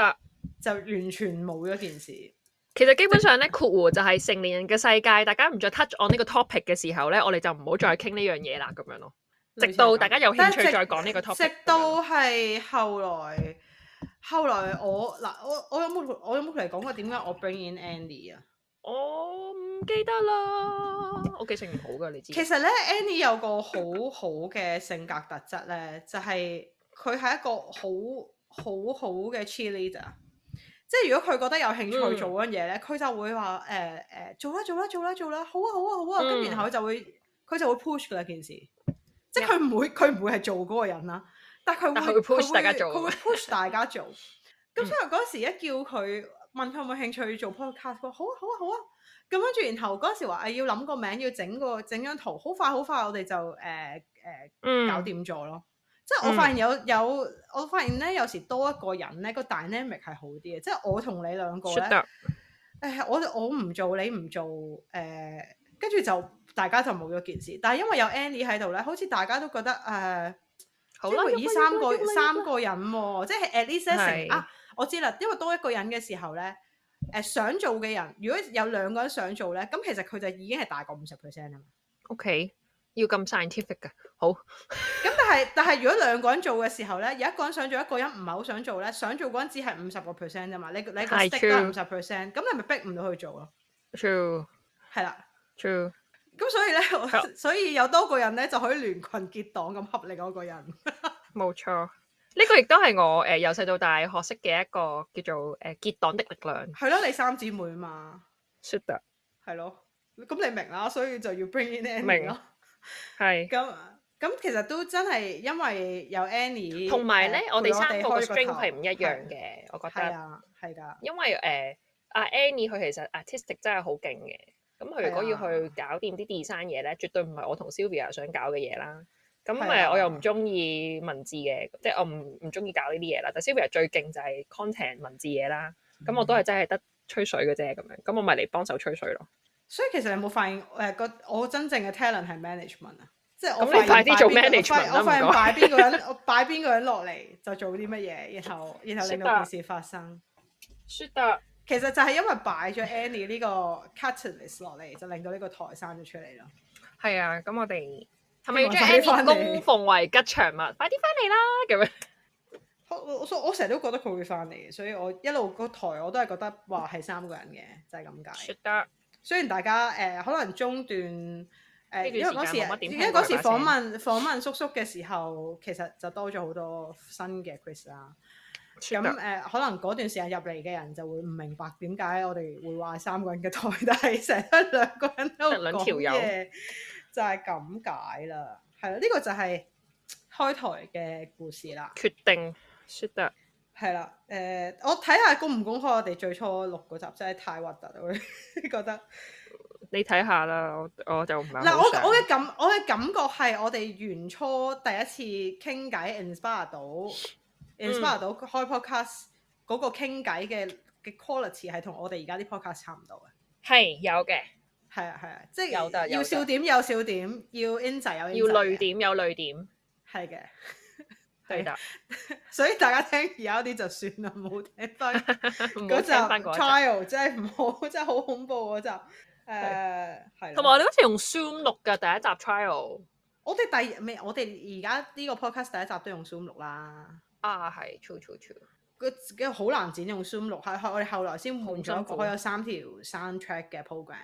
就完全冇咗件事。其實基本上咧，括弧就係、是、成年人嘅世界，大家唔再 touch on 呢個 topic 嘅時候咧，我哋就唔好再傾呢樣嘢啦，咁樣咯。直到大家有興趣是再講呢個 topic。直到係後來，後來我嗱我我，我，我有冇我有冇同你講過點解我 bring in Andy 啊？我、 oh, 記得啦，我記性唔好噶，你知。其實咧，Annie 有個好好嘅性格特質咧，就係佢係一個好好好嘅 cheerleader。即係如果佢覺得有興趣做嗰樣嘢咧，佢就會話誒誒做啦做啦做啦做啦，好啊好啊好啊，咁然後就會佢就會 push 噶啦件事。即係佢唔會佢唔會係做嗰個人啦，但係佢會 push 大家做，佢會 push 大家做。咁所以嗰時一叫佢問佢有冇興趣做 podcast，話好啊好啊好啊。咁跟住，然後嗰時話誒要諗個名，要整個整張圖，好快好快我，我哋就誒誒搞掂咗咯。嗯、即係我發現有有，我發現咧有時多一個人咧、呢個 dynamic 係好啲嘅。即係我同你兩個咧 Shut up.，我我唔做你唔做誒，跟、呃、住就大家就冇咗件事。但係因為有 Annie 喺度咧，好似大家都覺得誒，因、呃、為的三個三個人、哦、即係 At least 成是啊，我知啦。因為多一個人嘅時候咧。誒想做嘅人，如果有兩個人想做咧，咁其實佢就已經係大過五十 percent 啊嘛。OK，要咁 scientific 噶，好。咁 但係，但係如果兩個人做嘅時候咧，有一個人想做，一個人唔係好想做咧，想做嗰人只係五十個 percent 啫嘛。你你個 stick 都五十 percent，咁你咪逼唔到佢做咯？True，係啦。True。咁所以咧， 所以有多個人咧就可以聯群結黨咁恰另外個人。冇 錯。呢個亦都係我誒由細到大學識嘅一個叫做誒、呃、結黨的力量。係咯，你三姊妹嘛？Shooter 係咯，咁的你明啦，所以就要 bring in Annie 咯。係咁咁， 的其實都真係因為有 Annie。同埋咧，我哋三個嘅 g 係唔一樣嘅，的我覺得係的、呃、啊，係噶。因為誒阿 Annie 佢其實 artistic 真係好勁嘅，咁佢如果要去搞掂啲 design 嘢咧，絕對唔係我同 Sylvia 想搞嘅嘢啦。咁誒，我又唔中意文字嘅，即係我唔唔中意搞呢啲嘢啦。但 Sylvia 最勁就係 content 文字嘢啦。咁我都係真係得吹水嘅啫，咁樣。咁我咪嚟幫手吹水咯。所以其實你有冇發現誒？個我真正嘅 talent 係 management 啊，即係我快啲做 management，我發現擺邊個人，我擺邊個人落嚟就做啲乜嘢，然後然後令到件事發生。是的，其實就係因為擺咗 Annie 呢個 catalyst 落嚟，就令到呢個台生咗出嚟咯。係啊，咁我哋。同埋要將，Andy 供奉為吉祥物，快啲翻嚟啦！咁樣， 我我我成日都覺得佢會翻嚟嘅，所以我一路個台我都係覺得話係三個人嘅，就係咁解。得，雖然大家誒、呃、可能中段誒，呃、段因為嗰時而家嗰時訪問,訪問叔叔嘅時候，其實就多咗好多新嘅 Chris 啦。啊得。咁誒、呃，可能嗰段時間入嚟嘅人就會唔明白點解我哋會話三個人嘅台，但係成日兩個人都講友。就係咁解啦，係啦，呢、這個就係開台嘅故事啦。決定，決定，係啦。誒、呃，我睇下公唔公開我哋最初六個集，真係太核突啦，我覺得你睇下啦，我我就唔係。嗱，我我嘅感我嘅感覺係我哋原初第一次傾偈，inspire 到，inspire、嗯、到開 podcast 嗰個傾偈嘅 quality 係同我哋而家啲 podcast 差唔多嘅。係有嘅。係啊係啊，即係要笑點有笑點，要 in 仔有 in 要淚點有淚點，係嘅，係 得樂。所以大家聽而家啲就算啦，冇聽翻嗰集 trial 真係唔好，真係好恐怖嗰集。誒、呃，係對。同埋的我好似用 Zoom 錄嘅第一集 trial。我哋第未我哋而家呢個 podcast 第一集都用 Zoom 錄啦。啊係，true true true 好難剪用 Zoom 錄。後我哋後來先換咗一個，我有三條 soundtrack 嘅 program。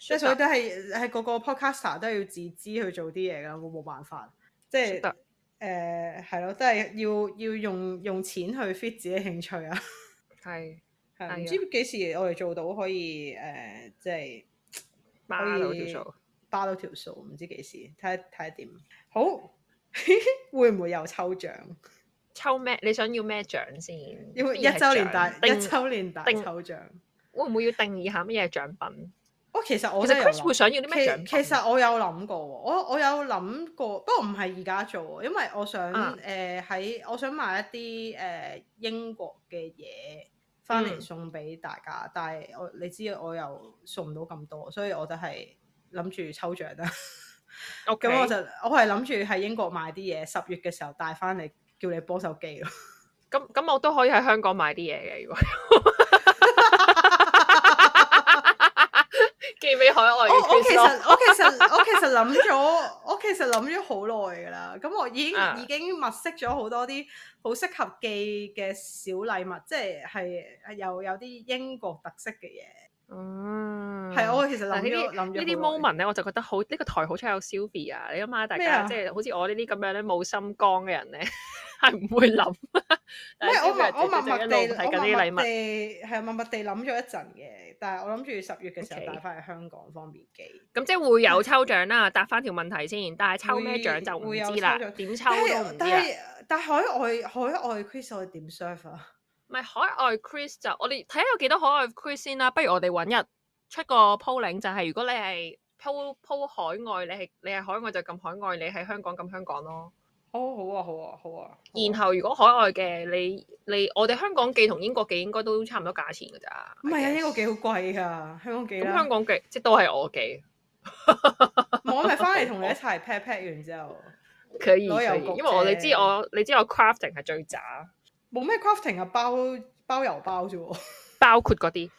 即係所以都係喺個個 podcast 都係要自資去做啲嘢噶冇冇辦法。即係誒，係咯、 呃，都係要要用用錢去 fit 自己興趣啊。係，係唔知幾時我哋做到可以誒，即係包到條數，包到條數，唔知幾時睇睇下點。好， 會唔會有抽獎？抽咩？你想要咩獎先？要不一周年大定一周年大抽獎？會唔會要定義下乜嘢獎品？我其實我想，其實會想要啲咩獎品？其，其實我有諗過喎，我我有諗過，不過唔係而家做，因為我想誒喺、啊呃、我想買一啲誒、呃、英國嘅嘢翻嚟送俾大家，嗯、但係我你知我又送唔到咁多，所以我就係諗住抽獎啦。咁 Okay. 我就我係諗住喺英國買啲嘢，十月嘅時候帶翻嚟叫你幫手寄咯。咁 咁我都可以喺香港買啲嘢嘅，如果。 俾海外我其實我其實我其實諗咗，我其實諗咗好耐㗎啦。咁我，我， 我，我已經已經物色咗好多啲好適合寄嘅小禮物，即係係有有啲英國特色嘅嘢。嗯，係我其實諗咗諗咗。呢啲 m 呢啲 moment 咧，我就覺得好呢、呢個台好似有 Sophie 啊！你諗下大家即係麼好似我呢呢呢啲咁樣咧冇心肝嘅人咧。 係唔會諗，唔我默我默默地我默默地係默默地諗咗一陣嘅，但係我諗住十月嘅時候帶翻去香港方便幾咁，即係會有抽獎啦。答翻條問題先，但係抽咩獎就唔知啦。點抽都唔知。但係但係海外海外 Chris 我哋點 serve 啊？唔係海外 Chris 就我哋睇下有幾多海外 Chris 先啦。不如我哋揾日出個 polling 就係、係、如果你係 poll 海外，你係你係海外就撳海外，你係香港撳香,香港咯。哦，好啊，好啊，好啊！然後如果海外嘅你你，我哋香港寄同英國寄應該都差唔多價錢㗎咋？唔係啊，英國寄好貴㗎，香港寄。咁香港寄即都係我寄。我咪翻嚟同你一齊 pack，pack 完之後攞郵局。因為我哋知我你知我 crafting 係最渣。冇咩 crafting 啊，包包郵包啫喎。包括嗰啲。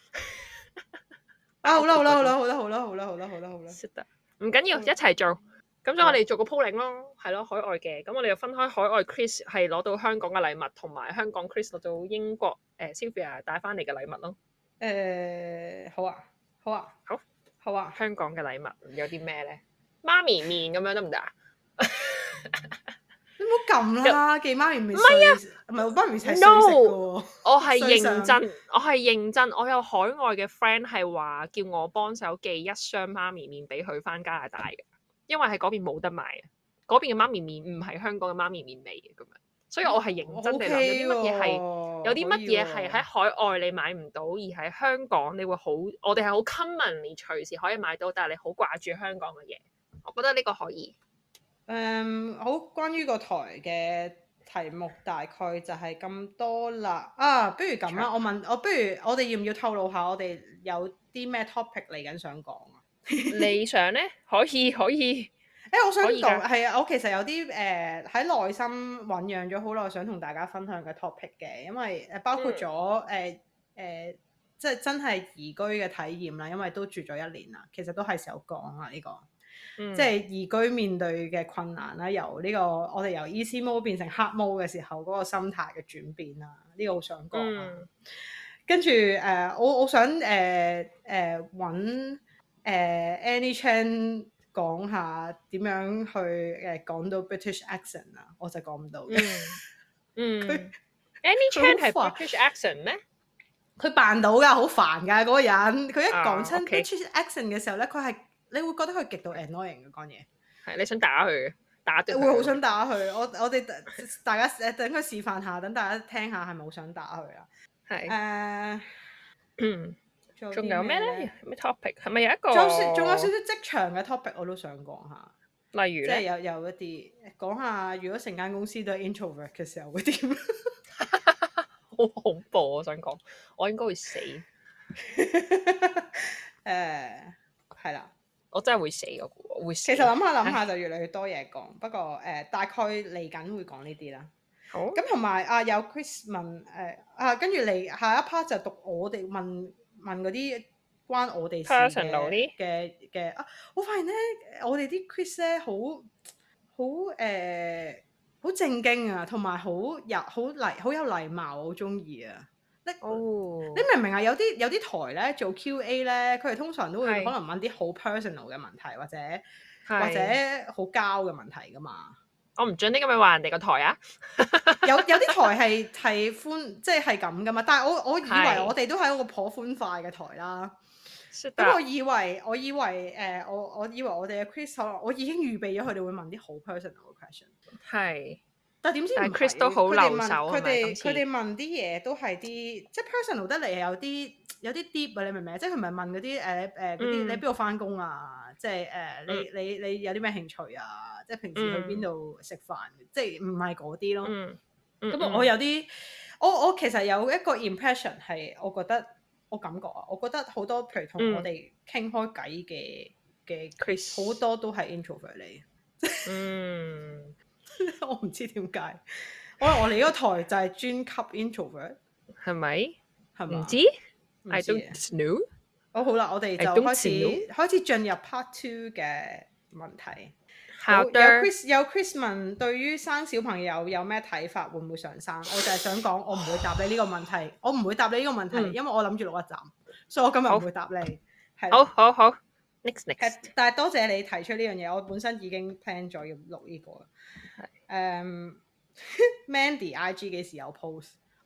啊好啦好啦好啦好啦好啦好啦好啦好啦好啦，識得唔緊要，一齊做。咁所以我哋做個 poll 咯，係咯、哦啊、海外嘅。咁我哋就分開海外 Chris 係攞到香港嘅禮物，同埋香港 Chris 攞到英國誒、呃、Sylvia 帶翻嚟嘅禮物咯。誒、呃、好啊，好啊，好，好啊！香港嘅禮物有啲咩咧？媽咪麵咁樣得唔得啊？你唔好撳啦，寄媽咪麵。唔係啊，唔係媽咪麵，no。 我係認真，我係認真。我有海外嘅 friend 係話叫我幫手寄一箱媽咪麵俾佢翻加拿大嘅。因為喺嗰邊冇得買嘅，嗰邊嘅媽咪麵唔係香港嘅媽咪麵味嘅咁樣，所以我係認真地諗有啲乜嘢係有啲乜嘢係喺海外你買唔到，而喺香港你會好，我哋係好 common 你隨時可以買到，但係你好掛住香港嘅嘢，我覺得呢個可以。誒，um, 好，關於個台嘅題目大概就係咁多啦。啊，不如咁啦，我問我不如我哋要唔要透露下我哋有啲咩 topic 嚟緊想講啊？ 理想呢，可以，可以。誒、欸，我想講係啊，我其實有啲誒喺內心醞釀咗好耐，想同大家分享嘅 topic 嘅，因為誒包括咗誒誒，即係真係移居嘅體驗啦，因為都住咗一年啦，其實都係時候講啦呢個，嗯、即係移居面對嘅困難啦，由呢、這個我哋由 easy mode 變成 hard mode 嘅時候，嗰、那個心態嘅轉變啦，呢、這個好想講。嗯、跟住誒、呃，我我想誒誒揾。呃呃呃誒，Annie Chan 講下點樣去誒講到 British accent 啊，我就講唔到嘅。嗯，佢 Annie Chan 係 British accent 咩？佢扮到㗎，好煩㗎嗰個人。佢一講親 British accent 嘅時候咧，佢係你會覺得佢極度 annoying 嘅講嘢。係，你想打佢？打會好想打佢。我我哋大家等佢示範下，等大家聽下，係咪好想打佢啊。係。誒。嗯。仲有咩咧？咩 topic？係咪有一個？仲有少少職場嘅 topic，我都想講下，例如即係有有一啲講下，如果成間公司都係 introvert 嘅時候會點？好 恐怖，我想講，我應該會死。誒、 呃，係啦，我真係會死嘅，會。其實諗下諗下，就越嚟越多嘢講。 不過誒、呃，大概嚟緊會講呢啲啦。好，咁同埋啊，有 Chris 問誒、呃、啊，跟住嚟下一 part 就讀我哋問。問嗰啲關我哋 personal 啲嘅嘅啊，我發現咧，我哋啲 Chris 咧好好誒，好、欸、正經啊，同埋好有好禮好有禮貌，好中意啊。Oh. 你哦，你明唔明啊？有啲有啲台咧做 Q&A 咧，佢哋通常都會可能問啲好 personal 嘅問題，或者是或者好膠嘅問題㗎嘛。我唔準啲咁咪話人哋個台啊！ 有有啲台係係寬，即係咁㗎嘛。但係我我以為我哋都係一個頗歡快嘅台啦。咁我，我、呃、我，我以為我以為誒我我以為我哋嘅 Chris 我已經預備咗佢哋會問啲好 personal 嘅 question。係是，但係點知？但 Chris 都好留守，佢哋佢哋問啲嘢都係啲即係 personal 得嚟，有啲有啲 deep、就是呃呃、啊！你明唔明？即係佢唔係問嗰啲誒誒啲你邊度翻工啊？即係誒、呃，你你你有啲咩興趣啊？即係平時去邊度食飯，嗯、即係唔係嗰啲咯？咁、嗯嗯嗯、我有啲，我我其實有一個 impression 係，我覺得我感覺啊，我覺得好多譬如同我哋傾開偈嘅嘅 Chris，好多都係 introvert 嚟。嗯，我唔知點解，我我嚟嗰台就係專級 introvert，係咪？係咪？唔知，唔知，I don't know。好好啦，我哋就開始開始進入 part two 嘅問題。有有 Chris 有 Chris 問對於生小朋友有咩睇法？會唔會上生？我就係想講，我唔會答你呢個問題。我唔會答你呢個問題，因為我諗住錄一站，所以我今日唔會答你。好，好，好。Next，next。但係多謝你提出呢樣嘢，我本身已經 plan 咗要錄呢個。係。Mandy，IG 幾時有 post？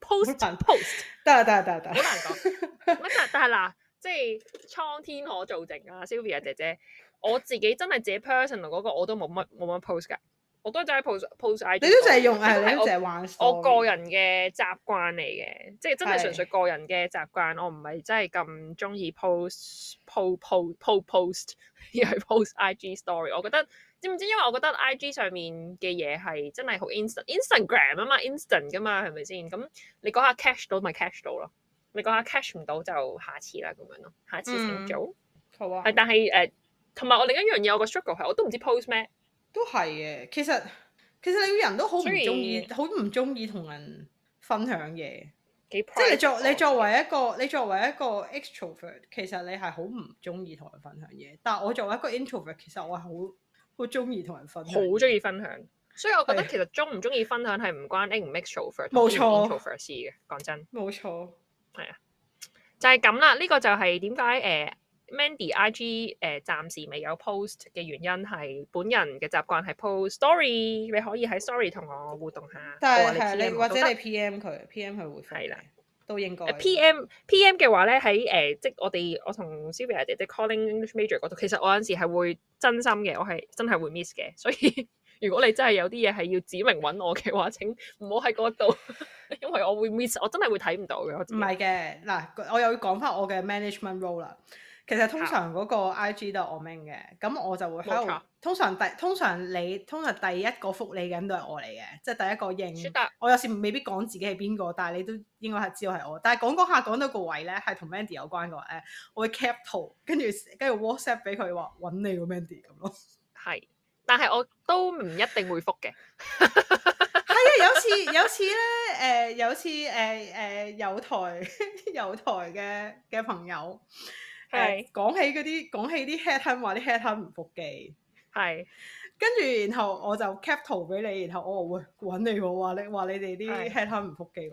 post 難 post，得得得得好難講乜？ 但係嗱，即係蒼天可作證啊 Sylvia 姐姐，我自己真係自己 person 嗰個我都冇乜冇乜 post 噶，我都就喺 post, post post IG story, 你。你都成日用誒，你成日玩我個人嘅習慣嚟嘅，即係真係純粹個人嘅習慣。是我唔係真係咁中意 post po, po, po, post post post，而係 post IG story。我覺得。知唔知？因為我覺得 IG 上面嘅嘢係真係好 instant，Instagram 啊嘛，instant 噶嘛，係咪先？咁你嗰下 cash 到咪 cash 到咯？你嗰下 cash 唔到就下次啦，咁樣咯。下次先做、嗯，好啊。係，但係誒，同、uh, 埋我另一樣嘢，我個 struggle 係我都唔知 post 咩。都係嘅，其實其實你個人都好唔中意，好唔中意同人分享嘢。即係你作你作為一個你作為一個 extrovert，其實你係好唔中意同人分享嘢。但係我作為一個 introvert，其實我係好。好中意同人分享，好中意分享，所以我覺得其實中唔中意分享係唔關 introversive 同 extroversive 嘅，講真。冇錯，係啊錯，就係咁啦。呢、呢個就係點解誒 Mandy IG 誒、呃、暫時未有 post 嘅原因係本人嘅習慣係 post story，你可以喺 story 同我互動下是或。或者你 PM 佢行，PM 佢回覆啦。都應該。P.M.P.M. 嘅 PM 話咧，喺誒、呃，即係我哋我同 Sylvia 姐姐 Calling English Major 嗰度，其實我有陣時係會真心嘅，我係真係會 miss 嘅。所以如果你真係有啲嘢係要指明搵我嘅話，請唔好喺嗰度，因為我會 miss，我真係會睇唔到嘅。唔係嘅，嗱，我又要講返我嘅 Management Role 啦。其實通常嗰個 IG 都係我名嘅，咁我就會喺度。通常第通常你通常第一個覆你嘅人都係我嚟嘅，即係第一個認。Should 我有時未必講自己係邊個，但係你都應該係知道係我。但係講，講講下講到個位咧，係同 Mandy 有關嘅話誒，我會 cap 圖，跟住跟住 WhatsApp 俾佢話揾你個、啊、Mandy 咁咯。係，但係我都唔一定會覆嘅。係啊，有次有次咧，誒、呃、有次誒誒、呃呃有，呃呃、有台 有台嘅嘅朋友。係、uh, 是講起嗰啲講起啲 head hun 話啲 head hun 唔覆機，係跟住然後我就 cap 圖俾你，然後我會揾你喎話你話你哋啲 head hun 唔覆機，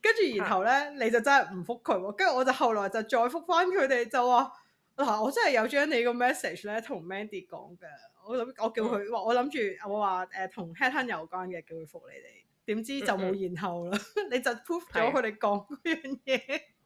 跟住是然後咧你就真係唔復佢喎，跟住我就後來就再覆返佢哋就話嗱、啊、我真係有將你個 message 咧同 Mandy 講嘅，我諗我叫佢話、嗯、我諗住我話誒同 head hun 有關嘅叫佢復你哋，點知就冇然後啦，嗯嗯、 你就 proof 咗佢哋講嗰樣嘢。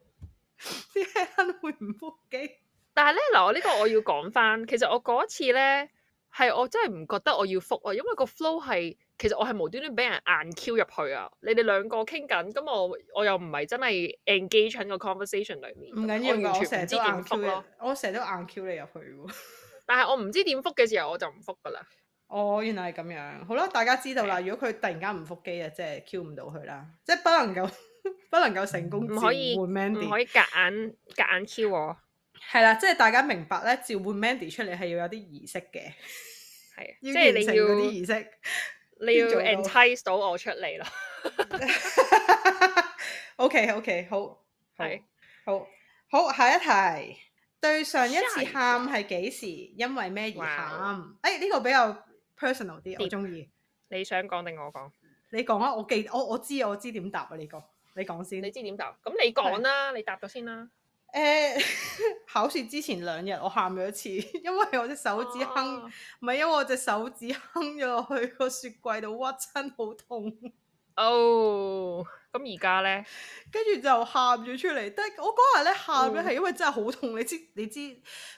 啲人會唔覆機？ 但係咧，嗱，我呢個我要講翻，其實我嗰次咧係我真係唔覺得我要覆啊，因為個 flow 係，其實我係無端端俾人硬 Q 入去啊。你哋兩個傾緊，咁我我又唔係真係 engage 個 conversation 裏面，唔緊要，我完全成日都硬 Q，我成日都硬 Q 你入去。但係我唔知點覆嘅時候，我就唔覆噶啦。哦，原來係咁樣，好啦，大家知道啦。的如果佢突然間唔覆機啊，即係 Q 唔到佢啦，即係不能夠。就是 不能夠成功唔可以換 Mandy，唔可以夾硬夾硬 Q 我，係啦，即係大家明白咧，召喚 Mandy 出嚟係要有啲儀式嘅，係的，即係完你要嗰啲儀式，你要 entice 到我出嚟咯。 OK，OK，、okay, okay, 好，係，的好，好，下一題，對上一次喊係幾時？因為咩而喊？誒哇，呢、欸這個比較 personal 啲，的我中意。你想講定我講？你講啊，我記得，我我知，我知點答啊呢、這個。你講先，你知點答？咁你講啦，是你答咗先啦。誒，uh, 考試之前兩日我喊咗一次，因為我隻手指坑，唔係、啊、因為我隻手指坑咗落去、個雪櫃度屈親，好痛。哦，咁而家咧？跟住就喊咗出嚟，但係我嗰日咧喊咗係因為真係好痛，嗯、你知你知，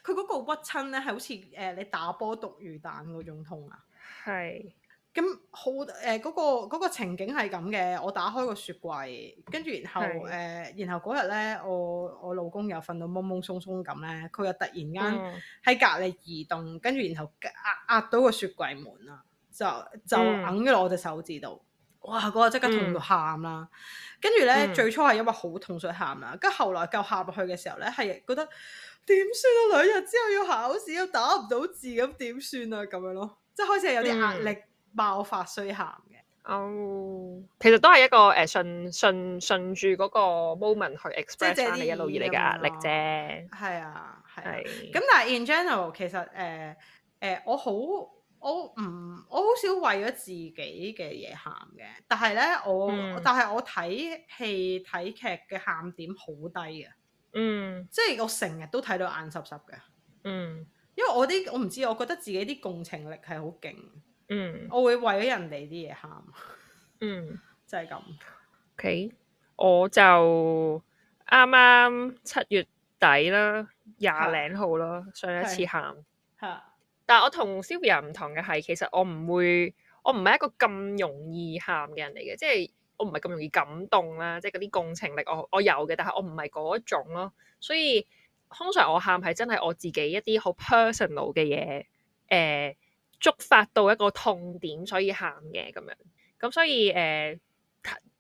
佢嗰個屈親咧係好似誒、呃、你打波篤魚蛋嗰種痛啊。係。咁好誒，嗰、呃嗰個嗰個情景係咁嘅。我打開個雪櫃，跟住然後誒的、呃，然後嗰日咧，我我老公又瞓到懵懵鬆鬆咁咧，佢又突然間喺隔籬移動，嗯、跟住然後壓壓到個雪櫃門啦，就就揞咗落我隻手指度。哇、嗯！嗰日即刻痛到喊啦。嗯、跟住咧，最初係因為好痛想喊啦，跟住後來夠喊落去嘅時候咧，係覺得點算啊？兩日之後要考試，打唔到字咁點算啊？咁樣咯，即係開始係有啲壓力。嗯爆發雖咸嘅，哦，oh, 其實都係一個誒順順順住嗰個 moment 去 express 你一路以嚟嘅壓力啫。係、嗯嗯嗯、啊、係、啊。咁是、嗯、但係 in general，其實誒誒、呃呃，我好我唔我好少為咗自己嘅嘢喊嘅。但係咧，我、嗯、但係我睇戲睇劇嘅喊點好低嘅。嗯，即係我成日都睇到眼濕濕嘅。嗯，因為我啲我唔知，我覺得自己啲共情力係好勁。嗯，我會為咗人哋啲嘢喊，嗯，就係咁。OK，我就啱啱七月底啦，廿零號啦，哈上一次喊，係哈但係我同 Sylvia 唔同嘅係，其實我唔會，我唔係一個咁容易喊嘅人嚟嘅。即係我唔係咁容易感動啦，即係嗰啲共情力我我有嘅，但係我唔係嗰種咯。所以通常我喊係真係我自己一啲好 personal 嘅嘢，誒、欸。觸發到一個痛點，所以喊嘅咁樣，咁所以誒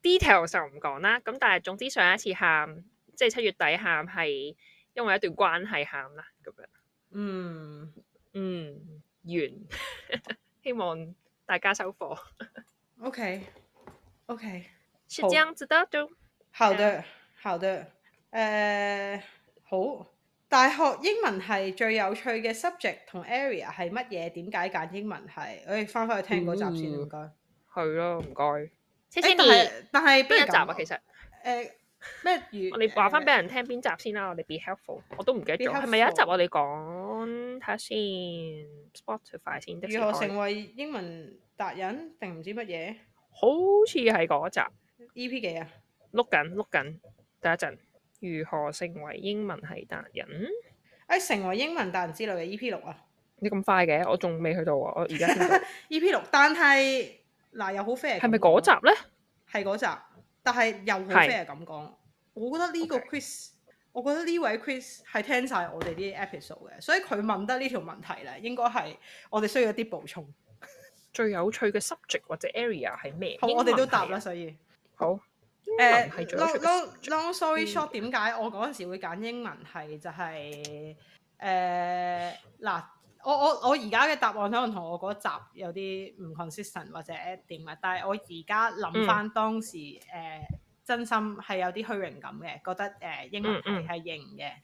detail 就唔講啦。咁但係總之上一次喊，即係七月底喊係因為一段關係喊啦咁樣。嗯嗯，完， 希望大家收貨。OK OK，是這樣子得。都。好的，好的，誒、呃、好。大學英文係最有趣嘅 subject 同 area 係乜嘢？點解揀英文係？我哋翻返去聽嗰集先，唔該、嗯。係咯託，唔該、欸。但係但係邊一集啊？其實誒咩？如、呃呃、我哋話翻俾人聽邊集先啦。我哋 be helpful，我都唔記得咗。係咪 be helpful. 有一集我哋講睇下先？Spotify 先。如何成為英文達人？定唔知乜嘢？好似係嗰集。E.P. 幾啊？碌緊碌緊，等一陣。如何成為英文系達人？哎，成為英文達人之類嘅 E.P. 六啊！你咁快嘅，我仲未去到啊。我而家 E.P. 六。但係嗱，又好 fair，係咪嗰集咧？係嗰集，但係又好 fair 咁講。我覺得呢個 Chris，Okay. 我覺得呢位 Chris 係聽晒我哋啲 episode 嘅，所以佢問得呢條問題咧，應該係我哋需要一啲補充。最有趣嘅 subject 或者 area 係咩？好，我哋都答啦，所以 好。誒、uh, long long long story short 點解我嗰陣時會揀英文係就係誒嗱我我我而家嘅答案可能同我嗰集有啲唔 consistent 或者點啊？但係我而家諗翻當時誒、嗯呃、真心係有啲虛榮感嘅，覺得誒、呃、英文係係型嘅，嗯、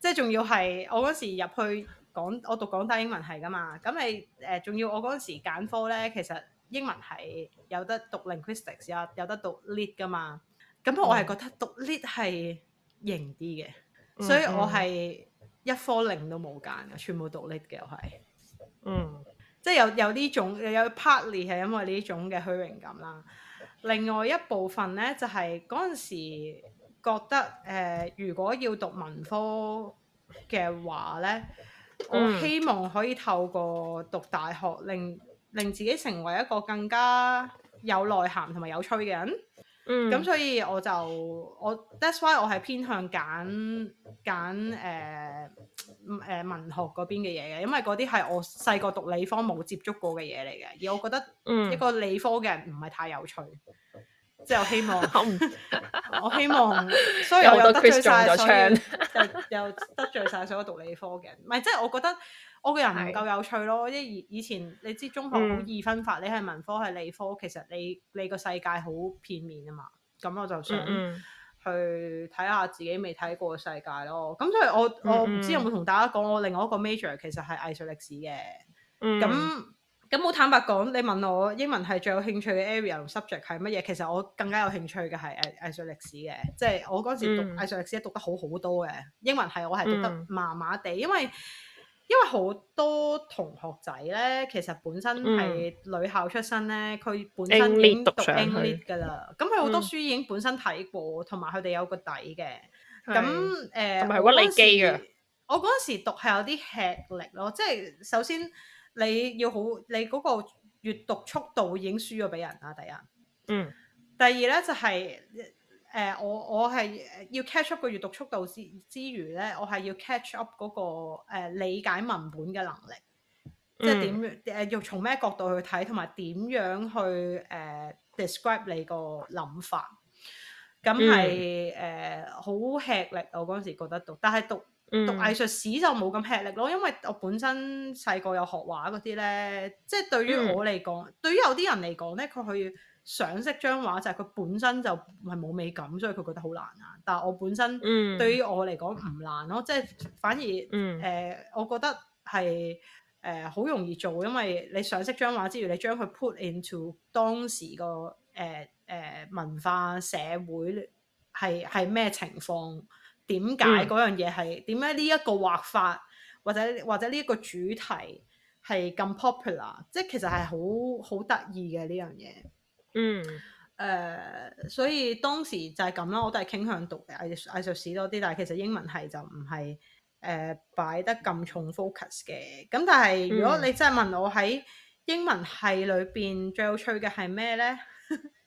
即係仲要係我嗰時入去講我讀港大英文係㗎嘛？咁你誒仲、呃、要我嗰陣時揀科咧，其實～英文係有得讀 linguistics，有有得讀 lit 㗎嘛？咁我係覺得讀 lit 係型啲嘅，嗯、所以我係一科零都冇揀嘅，全部讀 lit 嘅我係，嗯，即係有有呢種有 partly 係因為呢種嘅虛榮感啦。另外一部分呢，就係嗰陣時覺得誒、呃，如果要讀文科嘅話呢，我希望可以透過讀大學令令自己成為一個更加有內涵同埋有趣嘅人，嗯，咁所以我就我 that's why 我係偏向揀揀誒誒文學嗰邊嘅嘢嘅，因為嗰啲係我細個讀理科冇接觸過嘅嘢嚟嘅，而我覺得一個理科嘅人唔係太有趣。嗯即係我希望， 我希望， 所以我又得罪晒所有， 又得罪晒所有讀理科嘅人。唔係，即係我覺得我個人唔夠有趣咯。即係是以前，你知中學好易分法，嗯、你係文科係理科，其實你你個世界好片面啊嘛。咁我就想去睇下自己未睇過嘅世界咯。咁所以我，嗯、我我唔知有冇同大家講，我另外一個 major 其實係藝術歷史嘅。咁、嗯。嗯咁好坦白講，你問我英文係最有興趣嘅 area 同 subject 係乜嘢？其實我更加有興趣嘅係誒藝術歷史嘅，即係我嗰時讀藝術歷史咧讀得好好多嘅。英文係我係讀得麻麻地，因為因為好多同學仔咧，其實本身係女校出身咧，佢、嗯、本身已經讀 Ang Lit 噶啦。咁佢好多書已經本身睇過，同埋佢哋有個底嘅。咁誒唔係屈你機我嗰時,是我嗰時讀係有啲吃力咯，即係首先。你要好，你嗰個閱讀速度已經輸咗俾人啦。第一，嗯，第二咧就係、是、誒、呃，我我係要 catch up 個閱讀速度之之餘咧，我係要 catch up 嗰、那個、呃、理解文本嘅能力，嗯、即係點樣誒？要、呃、從咩角度去睇，同埋點樣去誒、呃、describe 你個諗法？咁係誒好吃力，我嗰時覺得讀，但係讀。讀藝術史就冇咁吃力咯，因為我本身細個有學畫嗰啲呢。即係對於我嚟講，嗯、對於有啲人嚟講呢，佢去賞識張畫就係、是、佢本身就係冇美感，所以佢覺得好難啊。但係我本身對於我嚟講唔難咯，嗯、即係反而誒、嗯呃，我覺得係誒好容易做，因為你賞識張畫之餘，你將佢 put into 當時個誒誒文化社會係係咩情況？點解嗰樣嘢係，點解呢一個畫法或者或者呢一個主題係咁 popular，即係其實係好好得意嘅呢樣嘢。嗯，誒，uh, 所以當時就係咁啦。我都係傾向讀藝藝術史多啲，但係其實英文系就唔係誒擺得咁重 focus 嘅。咁但係如果你真係問我喺英文系裏邊最有趣嘅係咩呢？嗯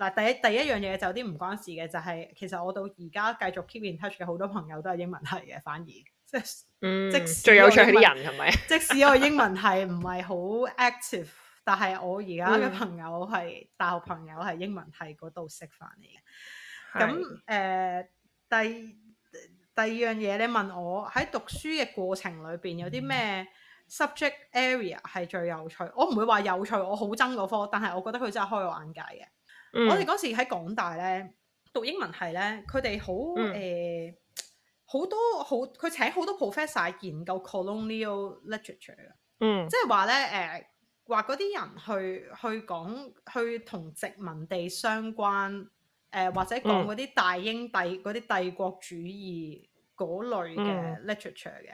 嗱，第一第一樣嘢就有啲唔關事嘅，就係、是、其實我到而家繼續 keep in touch 嘅好多朋友都係英文系嘅，反而即係即最有趣係啲人係咪？嗯、即使我英文係唔係好 active，但係我而家嘅朋友係、嗯、大學朋友係英文係嗰度識翻嚟嘅。咁誒的、呃，第第二樣嘢你問我喺讀書嘅過程裏邊有啲咩 subject area 係最有趣？嗯、我唔會話有趣，我好憎嗰科，但係我覺得佢真係開我眼界嘅。我哋嗰時喺港大咧讀英文系咧，佢哋好誒好多好，佢請好多 professor 研究 colonial literature 嘅，嗯、即係話咧誒話嗰啲人去去講去同殖民地相關誒、呃、或者講嗰啲大英帝嗰啲、嗯、帝國主義嗰類嘅 literature 嘅。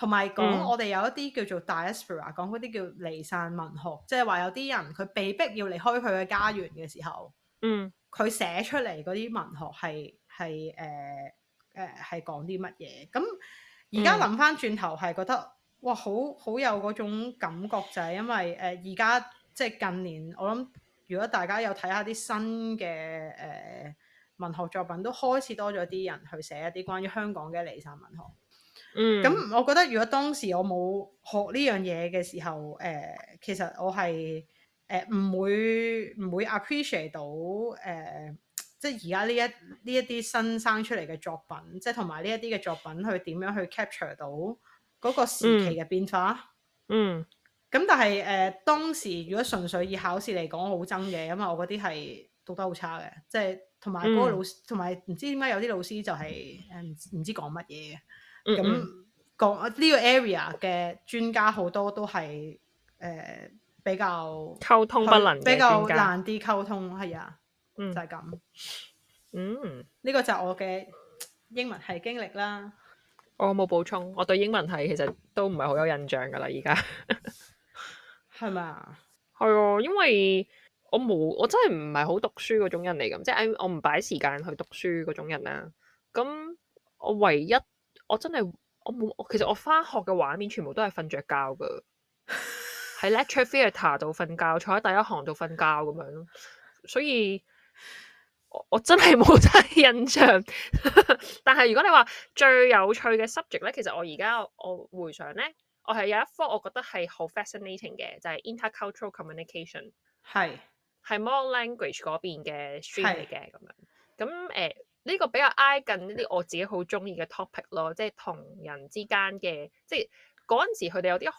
同埋講我哋有一啲叫做 diaspora，講嗰啲叫離散文學，即係話有啲人佢被逼要離開佢嘅家園嘅時候，嗯，佢寫出嚟嗰啲文學係係誒誒係講啲乜嘢？咁而家諗翻轉頭係覺得哇，好好有嗰種感覺就、呃，就係因為誒而家即係近年，我諗如果大家有睇下啲新嘅誒、呃、文學作品，都開始多咗啲人去寫一啲關於香港嘅離散文學。嗯，咁我覺得如果當時我冇學呢樣嘢嘅時候，誒、呃，其實我係誒唔會唔會 appreciate 到誒、呃，即係而家呢一呢一啲新生出嚟嘅作品，即係同埋呢一啲嘅作品去點樣去 capture 到嗰個時期嘅變化。嗯，咁、嗯、但係誒、呃、當時如果純粹以考試嚟講，我好憎嘅，因為我嗰啲係讀得好差嘅，即係同埋嗰個老師，同埋唔知點解有啲老師就係誒唔知講乜嘢嘅。咁講呢個 area 嘅專家好多都係誒、呃、比較溝通不能嘅專家，比較難啲溝通係啊，嗯，就係咁，嗯，呢個就係我嘅英文系經歷啦。我冇補充，我對英文系其實都唔係好有印象噶啦。而家係咪啊？係 嗎 啊，因為我冇，我真係唔係好讀書嗰種人嚟，咁即係我唔擺時間去讀書嗰種人啊。咁我唯一。我真係我冇，其實我翻學嘅畫面全部都係瞓着覺噶，喺 lecture theatre 度瞓覺，坐喺第一行度瞓覺咁樣，所以我，我真係冇晒印象。 但係如果你話最有趣嘅 subject 咧，其實我而家我回想，咧，我係有一科我覺得係好 fascinating 嘅，就係、是、intercultural communication，係係是 more language 嗰邊嘅 stream 嚟嘅咁樣，咁誒是。呢個比較挨近一啲我自己好中意嘅 topic 咯，即係同人之間嘅，即係嗰陣時佢哋有啲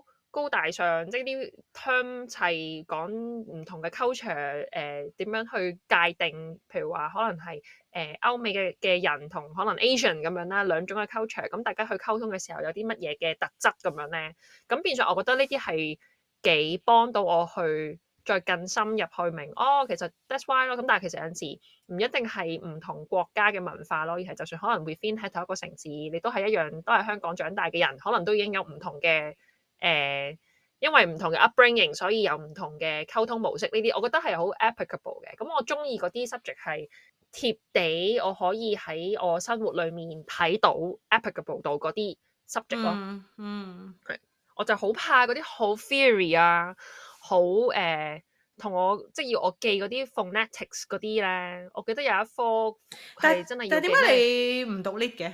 好高大上，即係啲 term 係講唔同嘅 culture，誒點樣去界定？譬如話可能係誒歐美嘅嘅人同可能 Asian 咁樣啦，兩種嘅 culture，咁大家去溝通嘅時候有啲乜嘢嘅特質咁樣咧？咁變咗我覺得呢啲係幾幫到我去再更深入去明哦，其實 that's why 咯。咁但係其實有陣時，唔一定係唔同國家嘅文化咯，而係就算可能會 within 喺同一個城市，你都係一樣，都係香港長大嘅人，可能都已經有唔同嘅誒、呃，因為唔同嘅 upbringing，所以有唔同嘅溝通模式。呢啲我覺得係好 applicable 嘅。咁我鍾意嗰啲 subject 係貼地，我可以喺我生活裡面睇到 applicable 到嗰啲 subject 咯。嗯，係、嗯。我就好怕嗰啲好 theory 啊，好誒。呃同我即係要我記嗰啲 phonetics 嗰啲咧，我記得有一科係真係要記。但係點解你唔讀 lit 嘅？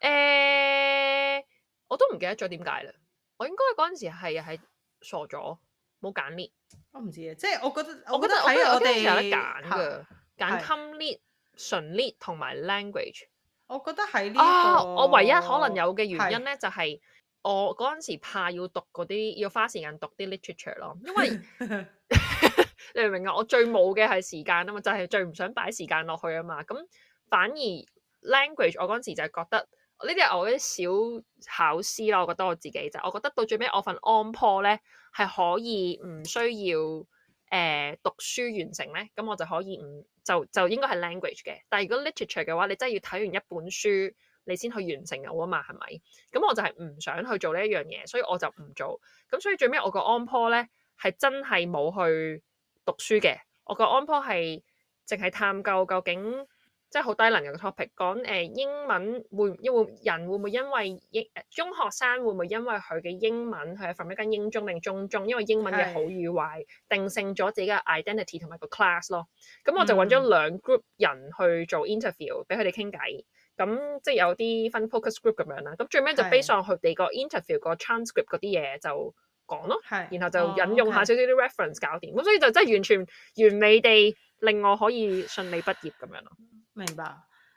誒、 欸，我都唔記得咗點解啦。我應該嗰陣時係係傻咗，冇揀 lit。我唔知啊，即係我覺得我覺得我覺得我當時有得揀㗎，揀 comlit、純 lit 同埋 language。我覺得喺啊，我唯一可能有嘅原因咧，的就係、是。我嗰陣時怕要讀嗰啲，要花時間讀啲 literature 咯，因為 你明唔明啊？我最冇嘅係時間啊嘛，就係最唔想擺時間落去啊嘛。咁反而 language，我嗰陣時就係覺得呢啲係我啲小考試咯，我覺得我自己就是、我覺得到最尾我份安 n c a 咧係可以唔需要誒、呃、讀書完成咧，咁我就可以唔就就應該係 language 嘅。但係如果 literature 嘅話，你真係要睇完一本書。你先去完成好啊嘛，係咪？咁我就係唔想去做呢一樣嘢，所以我就唔做。咁所以最尾我個安保咧係真係冇去讀書嘅。我個安保係淨係探究究竟即係好低能嘅 topic 講誒、呃、英文會會人會唔會因為英中學生會唔會因為佢嘅英文佢係 from 一間英中定中中，因為英文嘅好與壞是定性咗自己嘅 identity 同埋個 class 咯。咁我就揾咗兩 group 人去做 interview，俾佢哋、嗯、傾偈。咁、嗯、即係有啲分 focus group 咁樣啦，咁最尾就飛上去佢哋個 interview 個 transcript 嗰啲嘢就講咯，是然後就引用下少少啲 reference 搞掂，咁、哦 okay. 嗯、所以就真係完全完美地令我可以順利畢業咁樣咯。明白，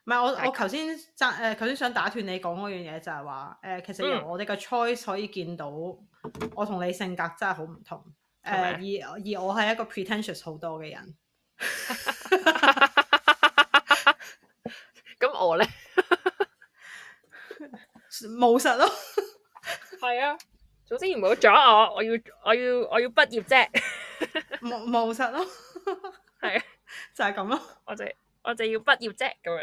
唔係我我頭先扎誒頭先想打斷你講嗰樣嘢就係話誒，其實由我哋個 choice、嗯、可以見到，我同你性格真係好唔同誒嗎、呃，而而我係一個 pretentious 好多嘅人，咁 我咧。務實咯，係 啊，總之唔好阻我，我要我要我要畢業啫， 無務實咯，係 就係咁咯，我就我就要畢業啫咁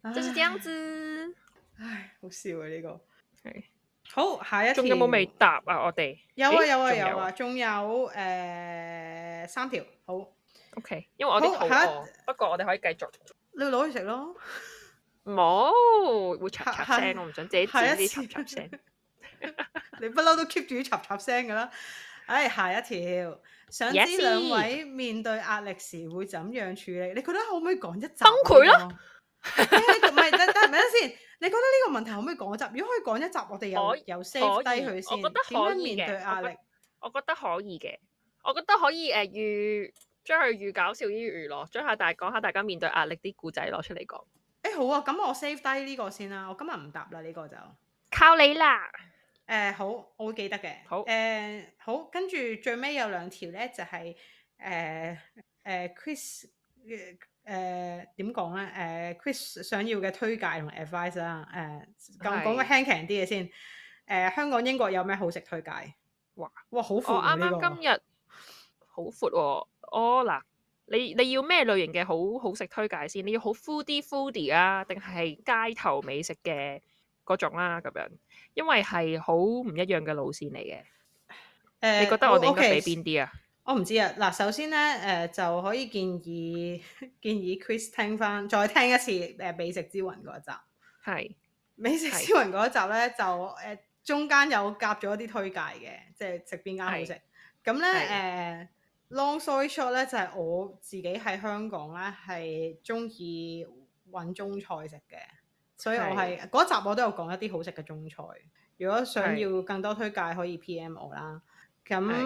樣，就是這樣子，唉，好笑啊呢、這個，係是好，下一條仲有冇未答啊我哋？有啊有啊有啊，仲有誒、呃、三條，好，OK，因為我肚餓，不過我哋可以繼續，你攞去食咯。冇會插插聲，我唔准自己自己嘈嘈聲。你不嬲都 keep 住插插聲噶啦。唉，下一條，想知兩位面對壓力時會怎樣處理？你覺得可唔可以講一集？崩潰咯，唔係等等，等先。你覺得呢個問題可唔可以講一集？ 如果可以講一集，我哋又又 save 低佢先。點樣面對壓力我？我覺得可以嘅。我覺得可以誒，預將佢預搞笑啲娛樂，將下大講下大家面對壓力啲故仔攞出嚟講。誒、欸，好啊，咁、嗯、我 save 低呢個先啦，我今日唔答啦呢、這個就靠你啦。誒、呃，好，我會記得嘅好、呃。好，誒，好，跟住最尾有兩條咧，就係誒誒 Chris 嘅誒點講咧？誒、呃呃、Chris 想要嘅推介同 advice 啦、呃。誒，咁講個輕鬆啲嘅先。誒、呃，香港英國有咩好食推介？哇哇，好闊，啱啱今日好闊喎，哦、oh, 嗱。你你要咩類型嘅好好食推介先？你要好 foodie foodie 啊，定係街頭美食嘅嗰種啦、啊？咁樣，因為係好唔一樣嘅路線嚟嘅。誒，uh, 你覺得我哋應該俾邊啲啊？我唔知啊。嗱，首先咧，誒、呃、就可以建議建議 Chris 聽翻，再聽一次誒美食之雲嗰集。係是美食之雲嗰集咧，是就誒中間有夾咗一啲推介嘅，即係食邊間好食。咁咧，誒。Long story short 咧，就係、是、我自己喺香港咧，係中意揾中菜食嘅，所以我係嗰是集我都有講一啲好食嘅中菜。如果想要更多推介，可以 PM 我啦。咁誒，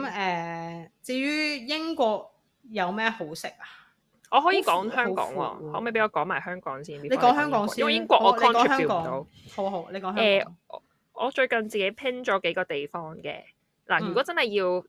是至於英國有咩好食啊？我可以講香港喎、啊，可唔可以俾我講埋香港先？你講你香港先，因為英國我 control 唔到、哦、香港好好，你講香港、呃。我最近自己拼咗幾個地方嘅嗱，如果真係要、嗯。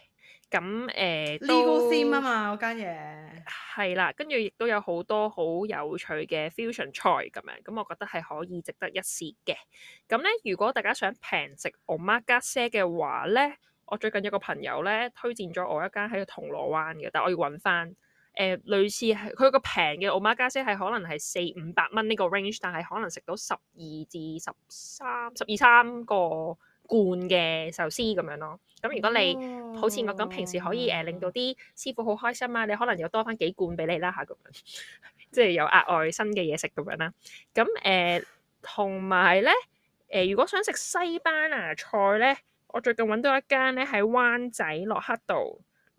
咁誒，呢個鮮啊嘛，嗰間嘢係啦，跟住亦都有好多好有趣嘅 fusion 菜咁樣，咁我覺得係可以值得一試嘅。咁咧，如果大家想平食 omakase 嘅話咧，我最近有個朋友咧推薦咗我一間喺銅鑼灣嘅，但我要揾翻誒類似係佢個平嘅 omakase 係可能係四五百蚊呢個 range，但係可能食到十二至十三、十二三個罐嘅壽司咁樣咯，咁如果你、嗯、好似我咁平時可以誒、呃，令到啲師傅好開心啊，你可能又多翻幾罐俾你啦嚇，咁、啊、樣 即係有額外新嘅嘢食咁樣啦。咁誒同埋咧誒，如果想食西班牙菜咧，我最近揾到一間咧喺灣仔駱克道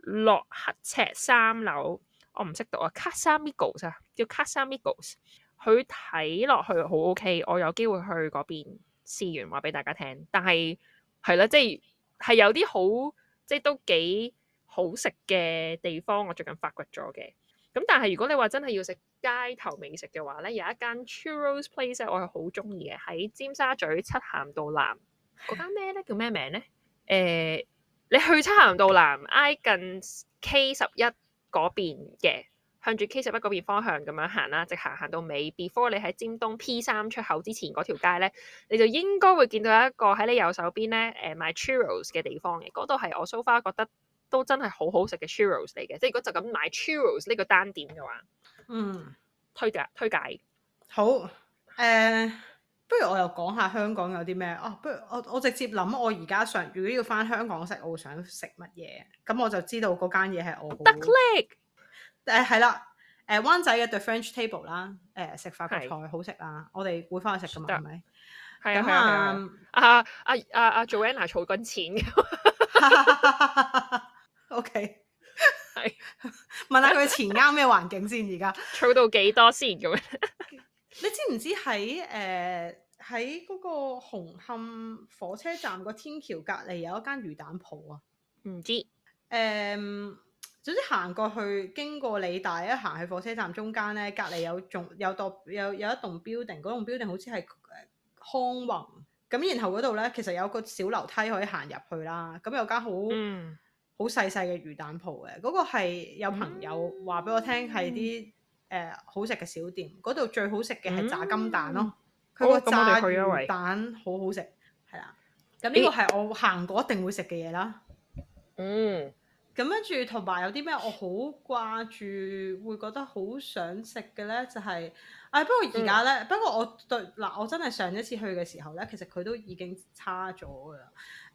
駱克赤三樓，我唔識讀啊，Casamigos 啊，igos, 叫 Casamigos，佢睇落去好 OK，我有機會去嗰邊。試完話俾大家聽，但係係啦，即係係有啲好即係都幾好食嘅地方，我最近發掘咗嘅。咁但係如果你話真係要食街頭美食嘅話咧，有一間 Churros Place 我係好鍾意嘅，喺尖沙咀漆咸道南嗰間咩咧叫咩名咧？誒、呃，你去漆咸道南挨近 K 十一嗰邊嘅。向住 K 十一嗰邊方向咁樣行啦，直行行到尾，before 你喺尖東 P 三出口之前嗰條街咧，你就應該會見到一個喺你右手邊咧，誒賣 churros 嘅地方嘅，嗰度係我 so far 覺得都真係好好食嘅 churros 嚟嘅。即係如果就咁買 churros 呢個單點嘅話，嗯推，推介推介，好，誒、呃，不如我又講下香港有啲咩哦，不如我我直接諗我而家想，如果要翻香港食，我會想食乜嘢？咁我就知道嗰間嘢係我德力。誒係啦，誒、嗯嗯嗯、灣仔嘅 The French Table、嗯嗯、是啦，誒食法菜好食啊！我哋會翻去食噶嘛？係咪的？係啊係啊啊啊啊！阿 Joanna 儲緊錢 ，OK，係是的 問下佢前啱咩環境 先？而家儲到幾多先？咁樣你知唔知喺誒喺嗰個紅磡火車站個天橋隔離有一間魚蛋鋪啊？唔知誒。Um, 總之行過去，經過理大一行去火車站中間咧，隔籬有棟有棟有有一棟 building，嗰棟 building 好似係康宏咁，然後嗰度咧其實有個小樓梯可以行入去啦。咁有間好好細細嘅魚蛋鋪嘅，嗰、那個係有朋友話俾我聽係啲誒好食嘅小店。嗰度最好食嘅係炸金蛋咯，佢個、嗯嗯、炸魚蛋好好食，係啦、嗯。咁、嗯、呢、嗯、個係我行過一定會食嘅嘢啦。嗯。咁跟住，同埋有啲咩我好掛住，會覺得好想食嘅呢？就係、是，唉、哎、不過而家呢，嗯、不過我對嗱，我真係上一次去嘅時候呢，其實佢都已經差咗噶啦。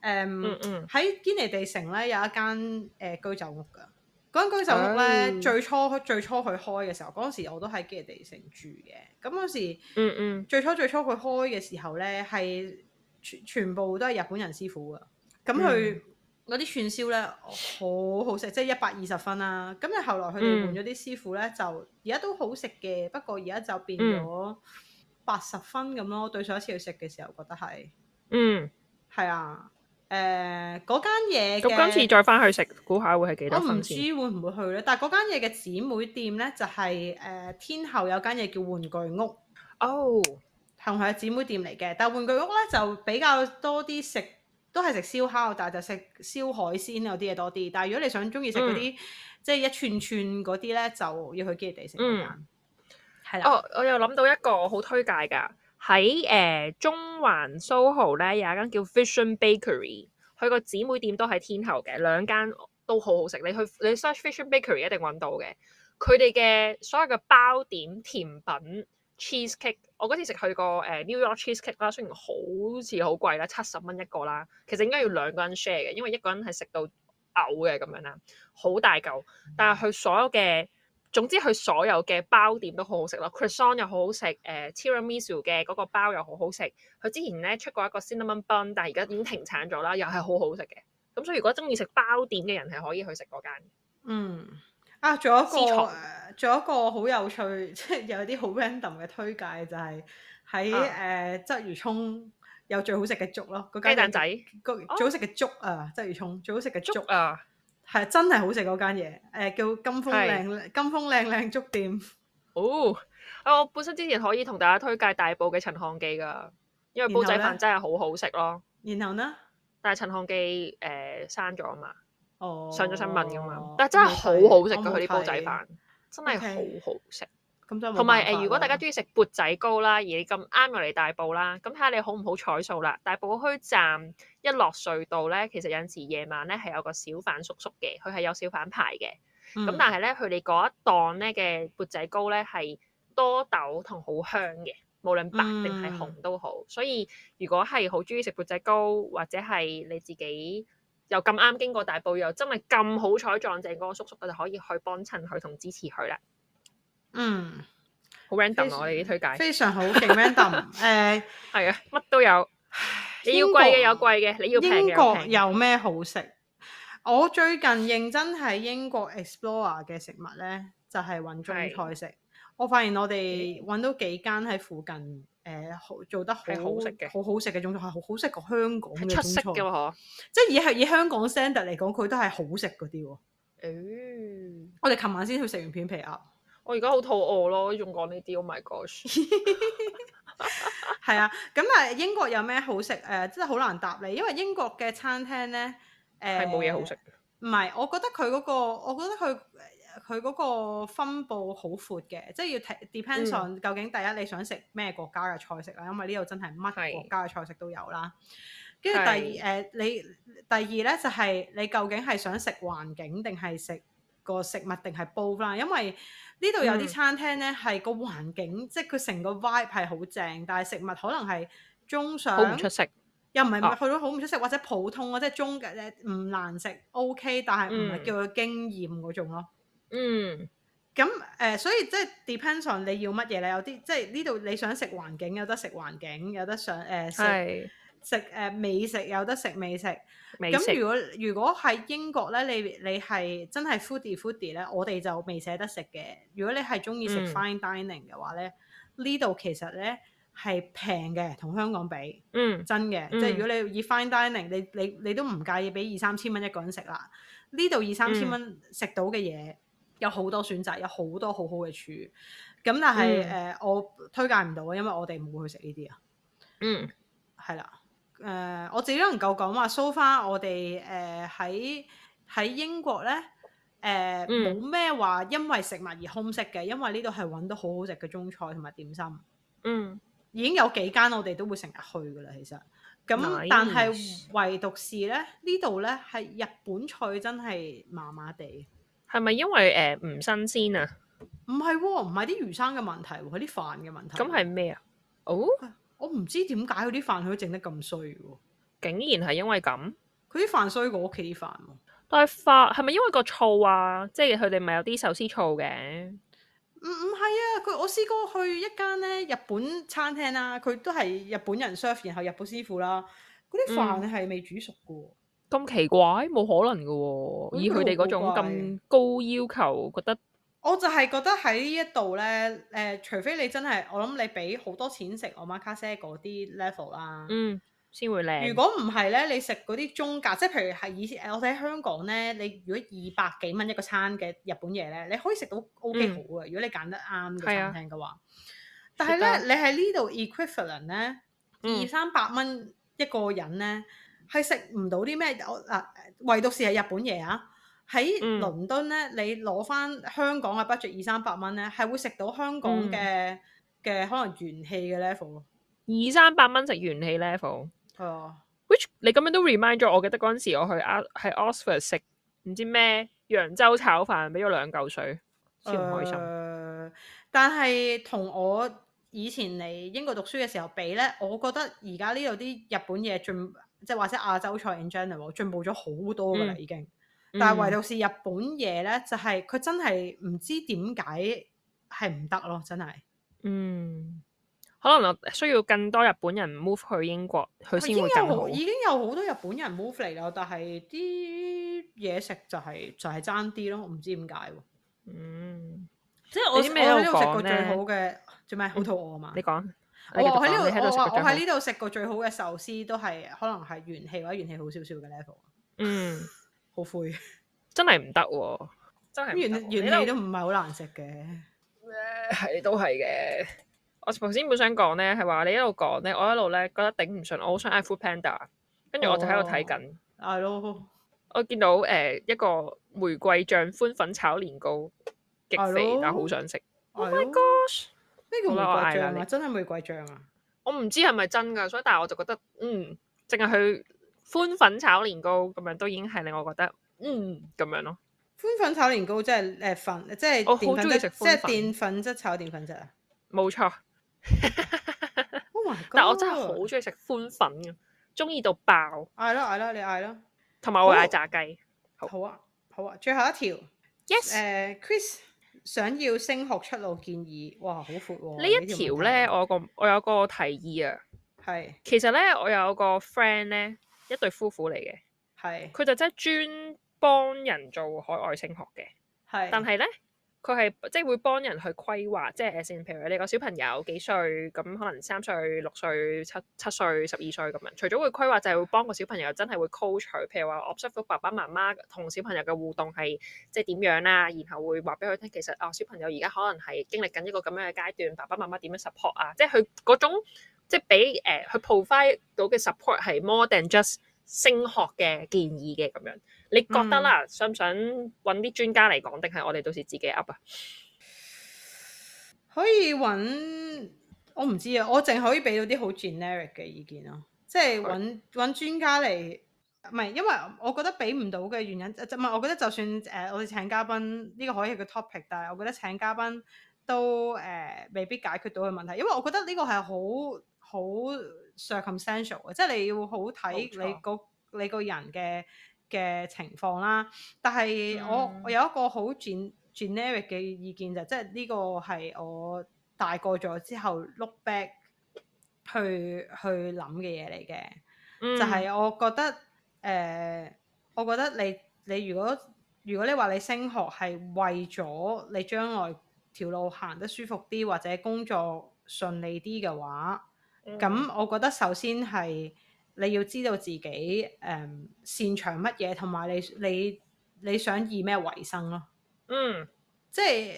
誒、um, 嗯嗯，喺堅尼地城呢，有一間誒、呃、居酒屋噶，嗰間居酒屋呢，嗯、最初最初佢開嘅時候，嗰陣時我都喺堅尼地城住嘅，咁嗰時，嗯嗯，最初最初佢開嘅時候呢，係全全部都係日本人師傅噶，咁佢。嗯嗯。嗰啲串燒咧好好食，即係一百二十分啦，啊。咁但係後來佢換咗啲師傅咧，嗯、就而家都好食嘅。不過而家就變咗八十分咁咯。嗯、對上一次去食嘅時候，覺得係嗯係啊。誒，嗰間嘢，咁今次再翻去食，估下會係幾多？我唔知會唔會去咧。但係嗰間嘢嘅姊妹店咧，就係、是、誒、呃、天后有間嘢叫玩具屋。哦，係咪姊妹店嚟嘅？但係玩具屋咧就比較多啲食。都係食燒烤，但係就食燒海鮮有啲嘢多啲。但係如果你想中意食嗰啲即係一串串嗰啲咧，就要去基地食。嗯，係啦。哦，oh, 我又諗到一個好推介㗎，喺誒、呃、中環 SoHo 咧有一間叫 Fishion Bakery，佢個姊妹店都喺天后嘅，兩間都好好食。你去你 search Fishion Bakery 一定揾到嘅。佢哋嘅所有嘅包點甜品。cheese cake，我嗰次食去個誒、呃、New York cheese cake 啦，雖然好似好貴啦，七十蚊一個啦，其實應該要兩個人 share 嘅，因為一個人係食到嘔嘅咁樣啦，好大嚿，但係佢所有嘅總之佢所有嘅包點都好好食咯，croissant 又好好食，誒、呃、tiramisu 嘅嗰個包又好好食，佢之前咧出過一個 cinnamon bun，但係而家已經停產咗啦，又係好好食嘅，咁所以如果中意食包點嘅人係可以去食嗰間。嗯。啊，仲有一個，仲藏有一個好有趣，即 係有啲好 random 嘅推介，就係喺誒鰂魚涌有最好食嘅粥咯，嗰雞蛋仔，最好食嘅粥啊，鰂、哦、魚涌最好食嘅粥，粥啊，係真係好食嗰間嘢，誒、呃、叫金風靚，靚，靚是金風靚靚粥店。哦、啊，我本身之前可以同大家推介大埔嘅陳漢記噶，因為煲仔飯真係好好食咯。然後呢，但係陳漢記誒刪咗啊嘛。上咗新聞噶嘛？但真係好好食噶佢啲煲仔飯，oh, okay. 真係好好食。咁同埋誒，如果大家中意食缽仔糕啦，而你咁啱入嚟大埔啦，咁睇下你好唔好彩數啦。大埔墟站一落隧道咧，其實有時夜晚咧係有個小販叔叔嘅，佢係有小販牌嘅。咁、mm. 但係咧，佢哋嗰一檔咧嘅缽仔糕咧係多豆同好香嘅，無論白定係紅都好。Mm. 所以如果係好中意食缽仔糕，或者係你自己。又咁啱經過大埔，又真係咁好彩撞正嗰個叔叔，我就可以去幫襯佢同支持佢啦。嗯，好 random、啊、常我哋推介，非常好勁 random。誒、 欸，係啊，乜都有。你要貴嘅有貴嘅，國你要英國有咩好食？我最近認真喺英國 explore 嘅食物咧，就係、是、搵中菜食。我發現我哋揾到幾間喺附近，誒、呃、好做得好好食嘅，好好食嘅中菜，係好食過香港嘅中菜。出色嘅喎，即係以係以香港 standard 嚟講，佢都係好食嗰啲喎。哎、呦我哋琴晚先去食完片皮鴨，我而家好肚餓咯，仲講呢啲，我、oh、my gosh。係啊，咁啊，英國有咩好食？誒、呃，真係好難答你，因為英國嘅餐廳咧，誒係冇嘢好食嘅。唔係，我覺得佢嗰、嗰個，我覺得佢、嗰個。佢嗰個分布好闊嘅，即係要睇 depends on、嗯、究竟第一你想食咩國家嘅菜式啦，因為呢度真係乜國家嘅菜式都有啦。跟住是第二誒是、呃，你第二咧就係、是、你究竟係想食環境定係食個食物定係煲啦？Both, 因為呢度有啲餐廳咧係個環境，即係佢成個 vibe 係好正，但係食物可能係中上，唔出色，又唔係咪去到好唔出色，啊、或者普通啊，即係中嘅咧唔難食，OK，但係唔係叫佢驚豔嗰種咯。嗯嗯，咁誒，所以即係 depends on 你要乜嘢咧？有啲即係呢度你想食環境，有得食環境；有得想誒食食誒美食，有得食美食。咁如果如果喺英國咧，你你係真係 foodie foodie 咧，我哋就未捨得食嘅。如果你係中意食 fine dining 嘅話咧，呢度其實咧係平嘅，同香港比，嗯，真嘅。即係如果你以 fine dining，你你你都唔介意俾二三千蚊一個人食啦。呢度二三千蚊食到嘅嘢。有好多選擇，有好多好好嘅處，咁但係誒、嗯呃，我推介唔到啊，因為我哋唔會去食呢啲啊。嗯，係啦，誒、呃，我自己都能夠講話，so far 我哋誒喺喺英國咧，誒冇咩話，嗯、因為食物而空食嘅，因為呢度係揾到好好食嘅中菜同埋點心。嗯，已經有幾間我哋都會成日去噶啦，其實。咁但係唯獨是咧，呢度咧係日本菜真係麻麻地。係咪，因為誒呃，唔新鮮啊？唔係喎，唔係啲魚生嘅問題，係啲飯嘅問題。咁係咩啊？哦、oh? 哎，我唔知點解佢啲飯佢都整得咁衰喎，竟然係因為咁？佢啲飯衰過屋企啲飯。但係飯係咪因為個醋啊？即係佢哋咪有啲壽司醋嘅？唔，唔係啊！佢我試過去一間咧日本餐廳啦、啊，佢都係日本人 serve，然後日本師傅啦，嗰啲飯係未煮熟嘅。嗯咁奇怪，冇可能嘅喎、哦！ 以佢哋嗰種咁高要求， 我覺得我就係覺得喺呢一度咧，誒、呃，除非你真係，我諗你俾好多錢食 omakase 啲 level 啦、啊，嗯，先會靚。如果唔係咧，你食嗰啲中價，即係譬如係以前，我哋喺香港咧，你如果二百幾蚊一個餐嘅日本嘢咧，你可以食到 O、OK、K 好嘅，嗯、如果你揀得啱嘅餐廳嘅話。嗯啊、但係咧，你喺呢度 equivalent 咧，二三百蚊一個人咧。嗯係食唔到啲咩？嗱，唯獨是係日本嘢啊！喺倫敦咧，嗯、你攞翻香港嘅 budget 二三百蚊咧，係會食到香港嘅嘅、嗯、可能元氣嘅 level。二三百蚊食元氣 level，係啊。哦、Which 你咁樣都 remind 咗我。記得嗰陣時我去阿喺 Oxford 食唔知咩揚州炒飯，俾咗兩嚿水，超唔開心。呃、但係同我以前嚟英國讀書嘅時候比咧，我覺得而家呢度啲日本嘢進。即係或者亞洲菜 in general 進步咗好多噶啦已經，嗯、但係唯獨是日本嘢咧，就係、是、佢真係唔知點解係唔得咯，真係。嗯，可能需要更多日本人 move 去英國，佢先會更好。已經有好多日本人 move 嚟啦，但係啲嘢食就係、是、就係爭啲咯，唔知點解喎。嗯，即係我我有食過最好嘅做咩？好肚餓啊嘛，你講。我喺呢度，我喺呢度食過最好嘅壽司，都係可能係元氣或者元氣好少少嘅 level。嗯，好灰， 真係唔得喎，真係、啊。元元氣都唔係好難食嘅，係、欸、都係嘅。我頭先本想講咧，係話你一路講咧，我一路咧覺得頂唔順，我好想叫 Food Panda，跟住我就喺度睇緊。係咯、oh.，oh. 呃、我見到誒一個玫瑰醬寬粉炒年糕，極肥但好想食。Oh. Oh. Oh my gosh！呢個玫瑰醬啊，真係玫瑰醬啊！我唔知係咪真㗎，所以但係我就覺得，嗯，淨係佢，寬粉炒年糕咁樣，都已經係令我覺得，嗯，咁樣咯。寬粉炒年糕真係誒粉，即係我好中意食即係澱粉質炒澱粉質啊！冇錯。Oh my god！但我真係好中意食寬粉啊，中意到爆。嗌啦嗌啦，你嗌啦。同埋我會嗌炸雞。好啊好啊，最後一條。Yes。誒，Chris。想要升學出路建議，哇，好闊喎！一條呢一條咧，題我有個我有個提議啊，係是，其實咧我有個 friend 咧，一對夫婦嚟嘅，係是，佢就真係專幫人做海外升學嘅，係是，但係咧。佢係即係會幫人去規劃，即係先，譬如你個小朋友幾歲咁，可能三歲、六歲、七七歲、十二歲咁樣。除咗會規劃，就係、是、會幫個小朋友真係會 coach。譬如話，observe 爸爸媽媽同小朋友嘅互動係即係點樣啦、啊，然後會話俾佢聽。其實啊、哦，小朋友而家可能係經歷緊一個咁樣嘅階段，爸爸媽媽點樣 support 啊？即係佢嗰種即係俾誒佢、呃、provide 到嘅 support 係 more than just。升學嘅建議嘅咁樣，你覺得啦，嗯、想唔想揾啲專家嚟講，定係我哋到時自己 update 啊？可以揾，我唔知啊，我淨可以俾到啲好 generic 嘅意見咯，即係揾專家嚟，唔係因為我覺得俾唔到嘅原因，即係我覺得就算誒、呃，我哋請嘉賓呢、呢個可以係個 topic，但係我覺得請嘉賓都誒、呃、未必解決到嘅問題，因為我覺得呢個係好。好 circumstantial 嘅，即係你要好睇你個錯你個人嘅嘅情況啦。但係我、嗯、我有一個好 generic 嘅意見、就是，就即係呢個係我大個咗之後 look back 去去諗嘅嘢嚟嘅，嗯、就係我覺得誒、呃，我覺得你你如果如果你話你升學係為咗你將來條路行得舒服啲，或者工作順利啲嘅話。咁、嗯、我覺得首先係你要知道自己誒、嗯、擅長乜嘢，同埋你你你想以咩為生咯、啊？嗯，即係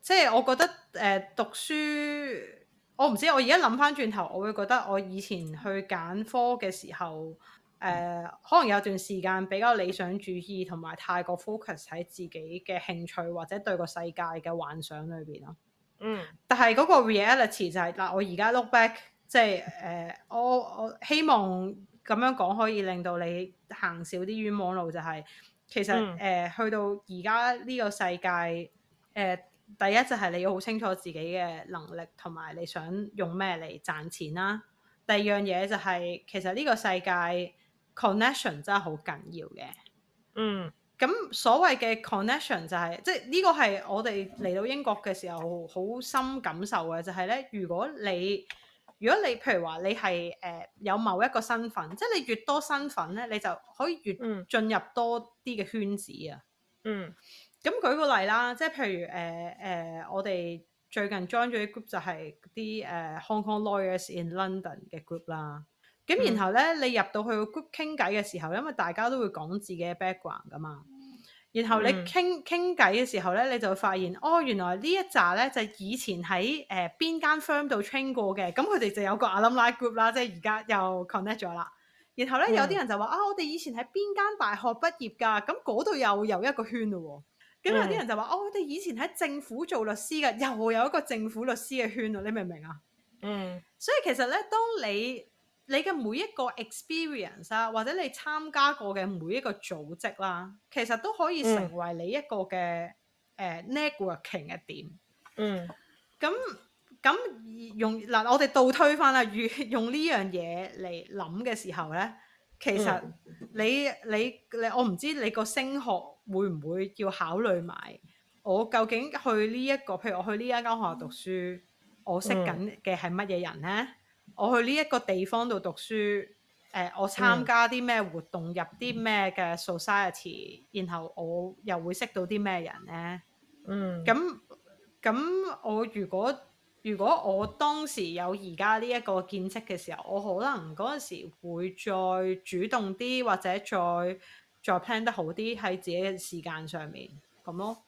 即係我覺得誒、呃、讀書，我唔知，我而家諗返轉頭，我會覺得我以前去揀科嘅時候，誒、呃嗯、可能有段時間比較理想主義，同埋太過 focus 喺自己嘅興趣或者對個世界嘅幻想裏邊咯。嗯，但係嗰個 reality 就係、是、嗱，我而家 look back。即係誒，我我希望咁樣講可以令到你行少啲冤枉路、就係，就係其實誒、嗯呃，去到而家呢個世界誒、呃，第一就係你要好清楚自己嘅能力同埋你想用咩嚟賺錢啦、啊。第二樣嘢就係、係、其實呢個世界 connection 真係好緊要嘅。嗯，咁所謂嘅 connection 就係即係呢個係我哋嚟到英國嘅時候好深感受嘅，就係、係、咧，如果你如果你譬如話你係誒、呃、有某一個身份，即係你越多身份咧，你就可以越進入多啲嘅圈子啊。嗯，咁舉個例啦，即係譬如誒誒、呃呃，我哋最近 join 咗啲 group 就係啲誒 Hong Kong Lawyers in London 嘅 group 啦。咁、嗯、然後咧，你入到去個 group 傾偈嘅時候，因為大家都會講自己嘅 background 㗎嘛。然後你傾傾偈嘅時候咧，你就會發現、嗯、哦，原來一呢一紮咧就係、以前喺誒邊間 firm 度 train 過嘅，咁佢哋就有個 alumni group 啦，即係而家又 connect 咗啦。然後咧、嗯、有啲人就話啊、哦，我哋以前喺邊間大學畢業㗎，咁嗰度又又一個圈咯喎。咁有啲人就話，我哋以前喺政府做律師㗎，又有一個政府律師嘅圈咯，你明唔明啊？嗯，所以其實咧，當你你嘅每一個 experience 啦、啊，或者你參加過嘅每一個組織啦、啊，其實都可以成為你一個嘅誒 networking 嘅點。嗯。咁咁用嗱，我哋倒推翻啦，用用呢樣嘢嚟諗嘅時候咧，其實你你你，我唔知你個升學會唔會要考慮埋，我究竟去呢、這、一個，譬如我去呢一間學校讀書，我識緊嘅係乜嘢人咧？嗯我去呢一個地方度讀書，誒、呃，我參加啲咩活動，入啲咩嘅 society，然後我又會識到啲咩人咧？嗯，咁咁，我如果如果我當時有而家呢一個見識嘅時候，我可能嗰陣時會再主動啲，或者再再 plan 得好啲喺自己嘅時間上面咁咯。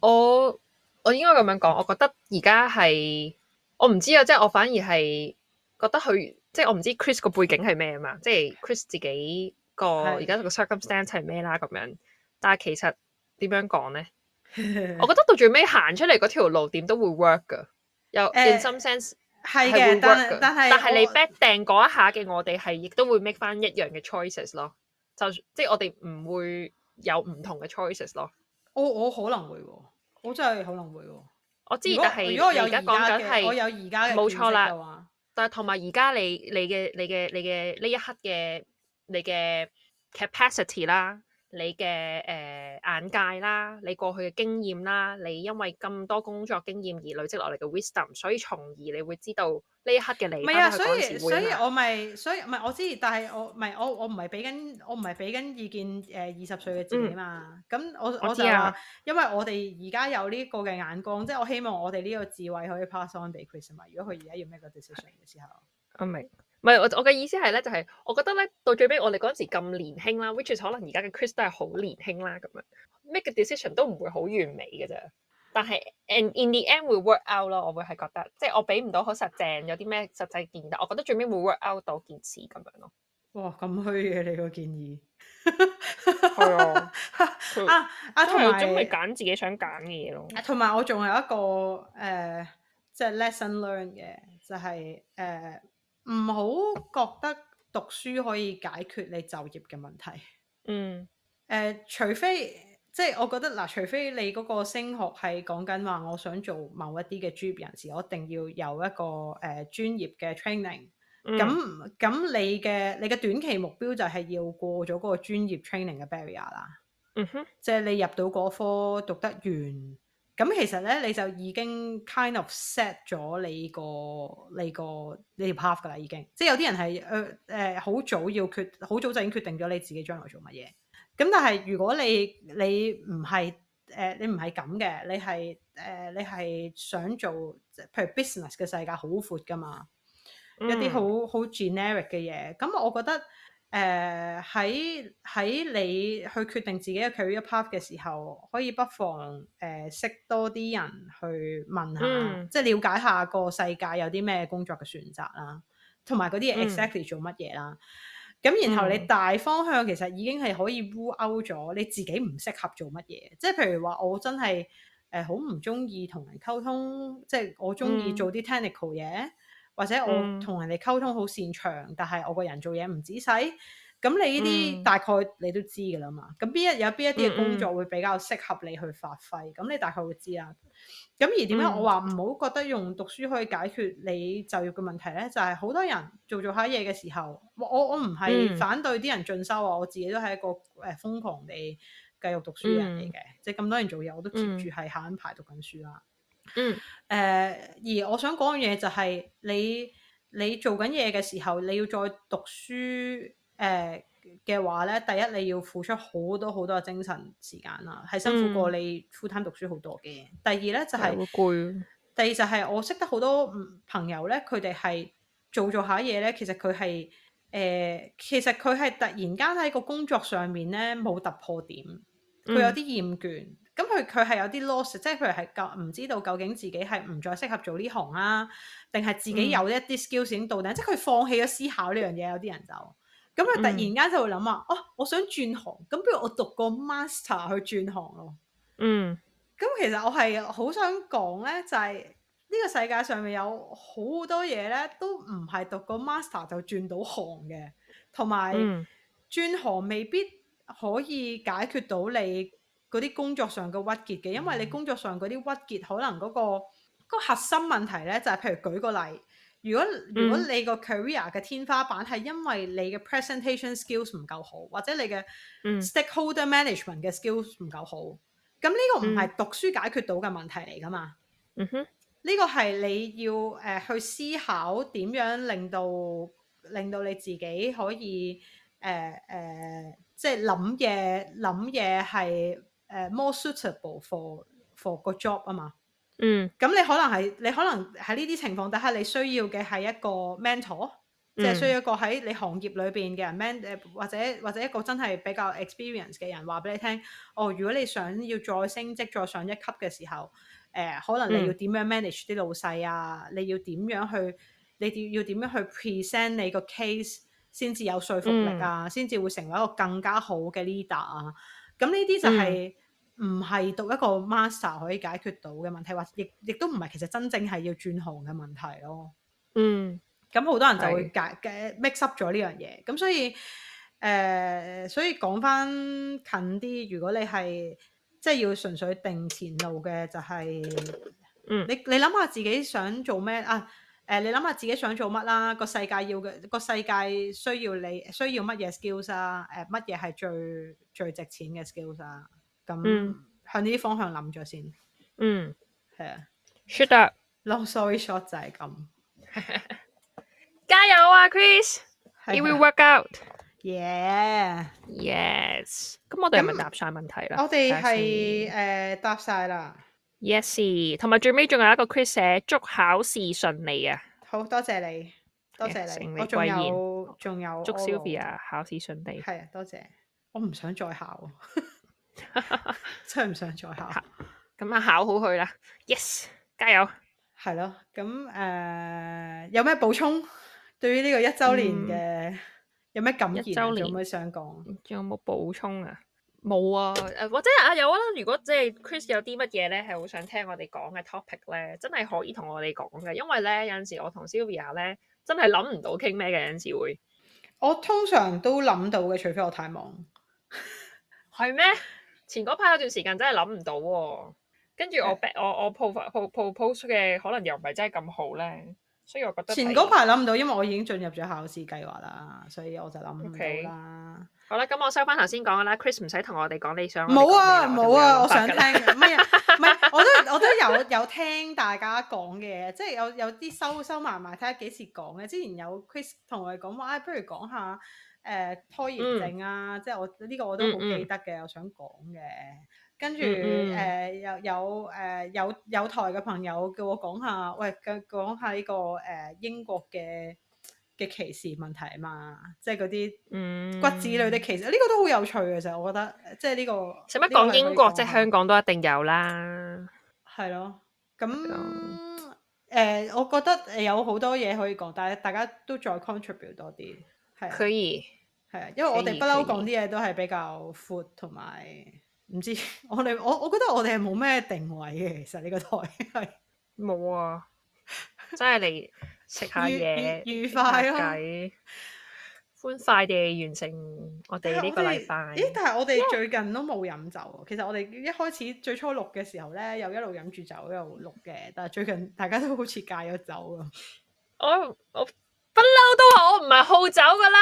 我我應該咁樣講，我覺得而家係。我唔知啊，即係我反而係覺得佢，即係我唔知 Chris 個背景係咩啊嘛，即係 Chris 自己個而家個 circumstance 係咩啦咁樣。但係其實點樣講咧？ 我覺得到最尾行出嚟嗰條路點都會 work 噶。有、呃、in some sense 係會 work 噶，但但係但係你 back 定嗰一下嘅我哋係亦都會 make 翻一樣嘅 choices 咯。就即係我哋唔會有唔同嘅 choices 咯。我我可能會、哦，我真係可能會、哦。我知，但係如，如果我而家講緊係冇錯啦，但係同埋而家你你嘅你嘅你嘅呢一刻嘅你嘅 capacity 啦。你嘅誒、呃、眼界啦，你過去嘅經驗啦，你因為咁多工作經驗而累積落嚟嘅 wisdom，所以從而你會知道呢一刻嘅你。唔係啊，所以所以我咪所以唔係我知，但係我唔係我我唔係俾緊我唔係俾緊意見誒二十歲嘅自己嘛。咁、嗯、我我就話，啊、因為我哋而家有呢個嘅眼光，即、就、係、是、我希望我哋呢個智慧可以 pass on 俾 Chris 如果佢而家要 make 個 decision 嘅時候。哦，明。唔係我，我嘅意思係咧，就係、是、我覺得咧，到最尾我哋嗰陣時咁年輕啦，which is 可能而家嘅 Chris 都係好年輕啦，咁樣 make 個 decision 都唔會好完美嘅啫。但係 and in the end 會 work out 咯，我會係覺得即係我俾唔到好實正，有啲咩實際建議，我覺得最尾會 work out 到件事咁樣咯。哇，咁虛嘅你個建議係啊，啊啊以，同埋中意揀自己想揀嘅嘢咯。同埋我仲有一個誒，即、uh, 係 lesson learn 嘅、就係，就係誒。唔好覺得讀書可以解決你就業嘅問題。嗯。誒，uh, 除非即係我覺得嗱，除非你嗰個升學係講緊話，我想做某一啲嘅專業人士，我一定要有一個誒、uh, 專業嘅 training。咁咁、嗯，你嘅你嘅短期目標就係要過咗嗰個專業 training 嘅 barrier 啦。嗯哼。即係你入到嗰科讀得完。咁其實咧，你就已經 kind of set 咗你個你個你條 path 噶啦，已經。即係有啲人係誒誒好早要決，好早就已經決定咗你自己將來做乜嘢。咁但係如果你你唔係誒，你唔係咁嘅，你係誒，你係、呃、想做譬如 business 嘅世界好闊噶嘛，嗯、一啲好好 generic 嘅嘢。咁我覺得。誒喺喺你去決定自己嘅 career path 嘅時候，可以不妨誒、呃、識多啲人去問下，嗯、即係了解下個世界有啲咩工作嘅選擇，exactly、啦，同埋嗰啲 exactly 做乜嘢啦。咁然後你大方向其實已經係可以烏勾咗，你自己唔適合做乜嘢。即係譬如話，我真係誒好唔中意同人溝通，即係我中意做啲 technical 嘢、嗯。嗯。或者我同人哋溝通好擅長，但係我個人做嘢唔仔細，咁你呢啲大概你都知噶啦嘛。咁邊一有邊一啲嘅工作會比較適合你去發揮，咁你大概會知啦。咁而點解我話唔好覺得用讀書可以解決你就業嘅問題咧，就係、是、好多人做做下嘢嘅時候，我我唔係反對啲人進修啊，我自己都係一個誒、呃、瘋狂地繼續讀書人嚟嘅， 嗯、即係咁多人做嘢，我都接住係下緊排讀緊書啦。嗯 嗯，誒，uh, 而我想講嘅嘢就係、是、你你做緊嘢嘅時候，你要再讀書誒嘅、呃、話咧，第一你要付出好多好多嘅精神時間啦，係辛苦過你 full time 讀書好多嘅。嗯、第二咧就係、是、好攰。第二就係、是、我識得好多朋友咧，佢哋係做做下嘢咧，其實佢係誒，其實佢係突然間喺個工作上面咧冇突破點，佢有啲厭倦。嗯咁佢佢係有啲 loss，即係譬如係夠唔知道究竟自己係唔再適合做呢行啊，定係自己有一啲 skill 已經到，定即係佢放棄咗思考呢樣嘢。有啲人就咁佢突然間就會諗、嗯、啊，哦，我想轉行，咁、啊、不如我讀個 master 去轉行咯。嗯，咁、嗯、其實我係好想講咧，就係、是、呢個世界上面有好多嘢咧，都唔係讀個 master 就轉到行嘅，同埋轉行未必可以解決到你。嗰啲工作上嘅鬱結嘅，因為你工作上嗰啲鬱結，嗯、可能嗰、嗰個嗰個核心問題咧，就係、係、譬如舉個例，如果如果你個 career 嘅天花板係因為你嘅 presentation skills 唔夠好，或者你嘅 stakeholder management 嘅 skills 唔夠好，咁呢、嗯、個唔係讀書解決到嘅問題嚟噶嘛？嗯、哼，呢個係你要誒、呃、去思考點樣令到令到你自己可以誒誒，即係諗嘢諗嘢係。呃就是誒、uh, more suitable for for 個 job 啊嘛，嗯，咁你可能係你可能喺呢啲情況底下，你需要嘅係一個 mentor，mm. 即係需要一個喺你行業裏邊嘅人 man 誒，mm. 或者或者一個真係比較 experience 嘅人話俾你聽，哦，如果你想要再升職再上一級嘅時候，誒、呃，可能你要點樣 manage 啲老細啊，mm. 你要點樣去，你要要點樣去 present 你個 case 先至有說服力啊，先至、mm. 會成為一個更加好嘅 leader 啊。咁呢啲就係唔係讀一個 master 可以解決到嘅問題，嗯、或亦亦都唔係其實真正係要轉行嘅問題咯。嗯，咁好多人就會介嘅 mix up 咗呢樣嘢，咁是所以誒、呃，所以講返近啲，如果你係即係要純粹定前路嘅、就係，就係嗯，你你諗下自己想做咩啊？誒、呃，你諗下自己想做乜啦？個世界要嘅，個世界需要你需要乜嘢 skills 啊？誒、呃，乜嘢係最最值錢嘅 skills 啊？咁、嗯、向呢啲方向諗咗先。嗯，係啊 shut up，long story short 就係咁。加油啊，Chris！It will work out。Yeah yes.、嗯。Yes、嗯。咁、嗯、我哋係咪答晒問題啦？我哋係誒答晒啦。Yes，同埋最尾仲有一個 Chris 寫祝考試順利啊！好多謝你，多謝你，你我仲有，仲有祝 Sophie 啊，考試順利。係啊，多謝。我唔想再考， 真係唔想再考。咁啊， 考好佢啦。Yes，加油。係咯，咁誒、呃，有咩補充？對於呢個一周年嘅，嗯、有咩感言、啊？一周年有咩想講？有冇補充啊？冇啊，或者啊有啦，啊。如果即係 Chris 有啲乜嘢咧，係好想聽我哋講嘅 topic 咧，真係可以同我哋講嘅。因為咧有陣時我同 Sylvia 咧真係諗唔到傾咩嘅，有陣時，有時會。我通常都諗到嘅，除非我太忙。係咩？ 前嗰排有段時間真係諗唔到喎，啊。跟住我 back, 我我 post 嘅可能又唔係真係咁好咧，所以我覺得前嗰排諗唔到，因為我已經進入咗考試計劃啦，所以我就諗唔到啦。Okay. 好啦，咁我收翻頭先講嘅啦，Chris 唔使同我哋講你想冇啊冇啊，我想聽咩？唔係 我都我都有有聽大家講嘅，即係有有啲收收埋埋睇下幾時講嘅。之前有 Chris 同我哋講話，不如講下誒拖延症啊，嗯、即係我呢、呢個我都好記得嘅，嗯嗯我想講嘅。跟住誒又有誒有、呃、有，有，有台嘅朋友叫我講下，喂，講下呢個誒、呃、英國嘅。嘅歧視問題啊嘛，即係嗰啲骨子裏的歧視，呢、嗯、個都好有趣嘅。其實我覺得，即係呢、這個使乜講英國，即係香港都一定有啦。係咯，咁 誒、嗯呃，我覺得有好多嘢可以講，但係大家都再 contribute 多啲，係可以，係啊而，因為我哋不嬲講啲嘢都係比較闊同埋，唔知我哋我我覺得我哋係冇咩定位嘅，其實呢個台係冇啊，真係你。 食下嘢，愉快，歡快地完成我哋呢個禮拜、啊。咦？但係我哋最近都冇飲酒。哦、其實我哋一開始最初錄嘅時候咧，又一路飲住酒一路錄嘅。但係最近大家都好似戒咗酒咯。我我，我不嬲都話我唔係好酒㗎啦。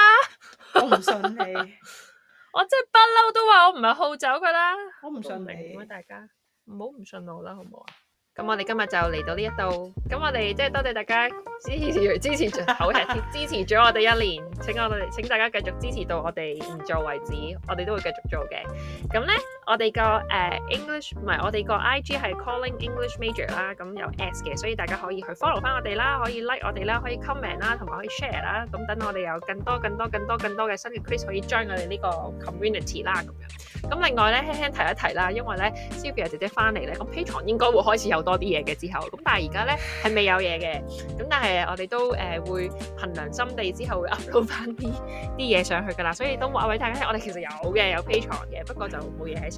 我唔信你。 我真係不嬲都話我唔係好酒㗎啦。我唔信你，信大家唔好唔信我啦，好唔好啊？咁我哋今日就嚟到呢一度，咁我哋即係多謝大家支持支持咗、好吃支持咗我哋一年，請我哋請大家繼續支持到我哋唔做為止，我哋都會繼續做嘅。咁咧。我哋個誒 English 唔係，我哋個 IG 係 Calling English Major 啦，咁有 S 嘅，所以大家可以去 follow 翻我哋啦，可以 like 我哋啦，可以 comment 啦，同埋可以 share 啦，咁等我哋有更多、更多、更多、更多嘅新嘅 Chris 可以 j 我哋呢個 community 啦，咁樣。咁另外咧，輕輕提一提啦，因為咧 Super 姐姐翻嚟咧，咁 Pay 堂應該會開始有多啲嘢嘅之後，咁但係而家咧係未有嘢嘅，咁但係我哋都誒會憑良心地之後 upload 翻啲啲嘢上去㗎啦，所以都阿大家下，我哋其實有嘅有 Pay 堂嘅，不過就冇嘢喺。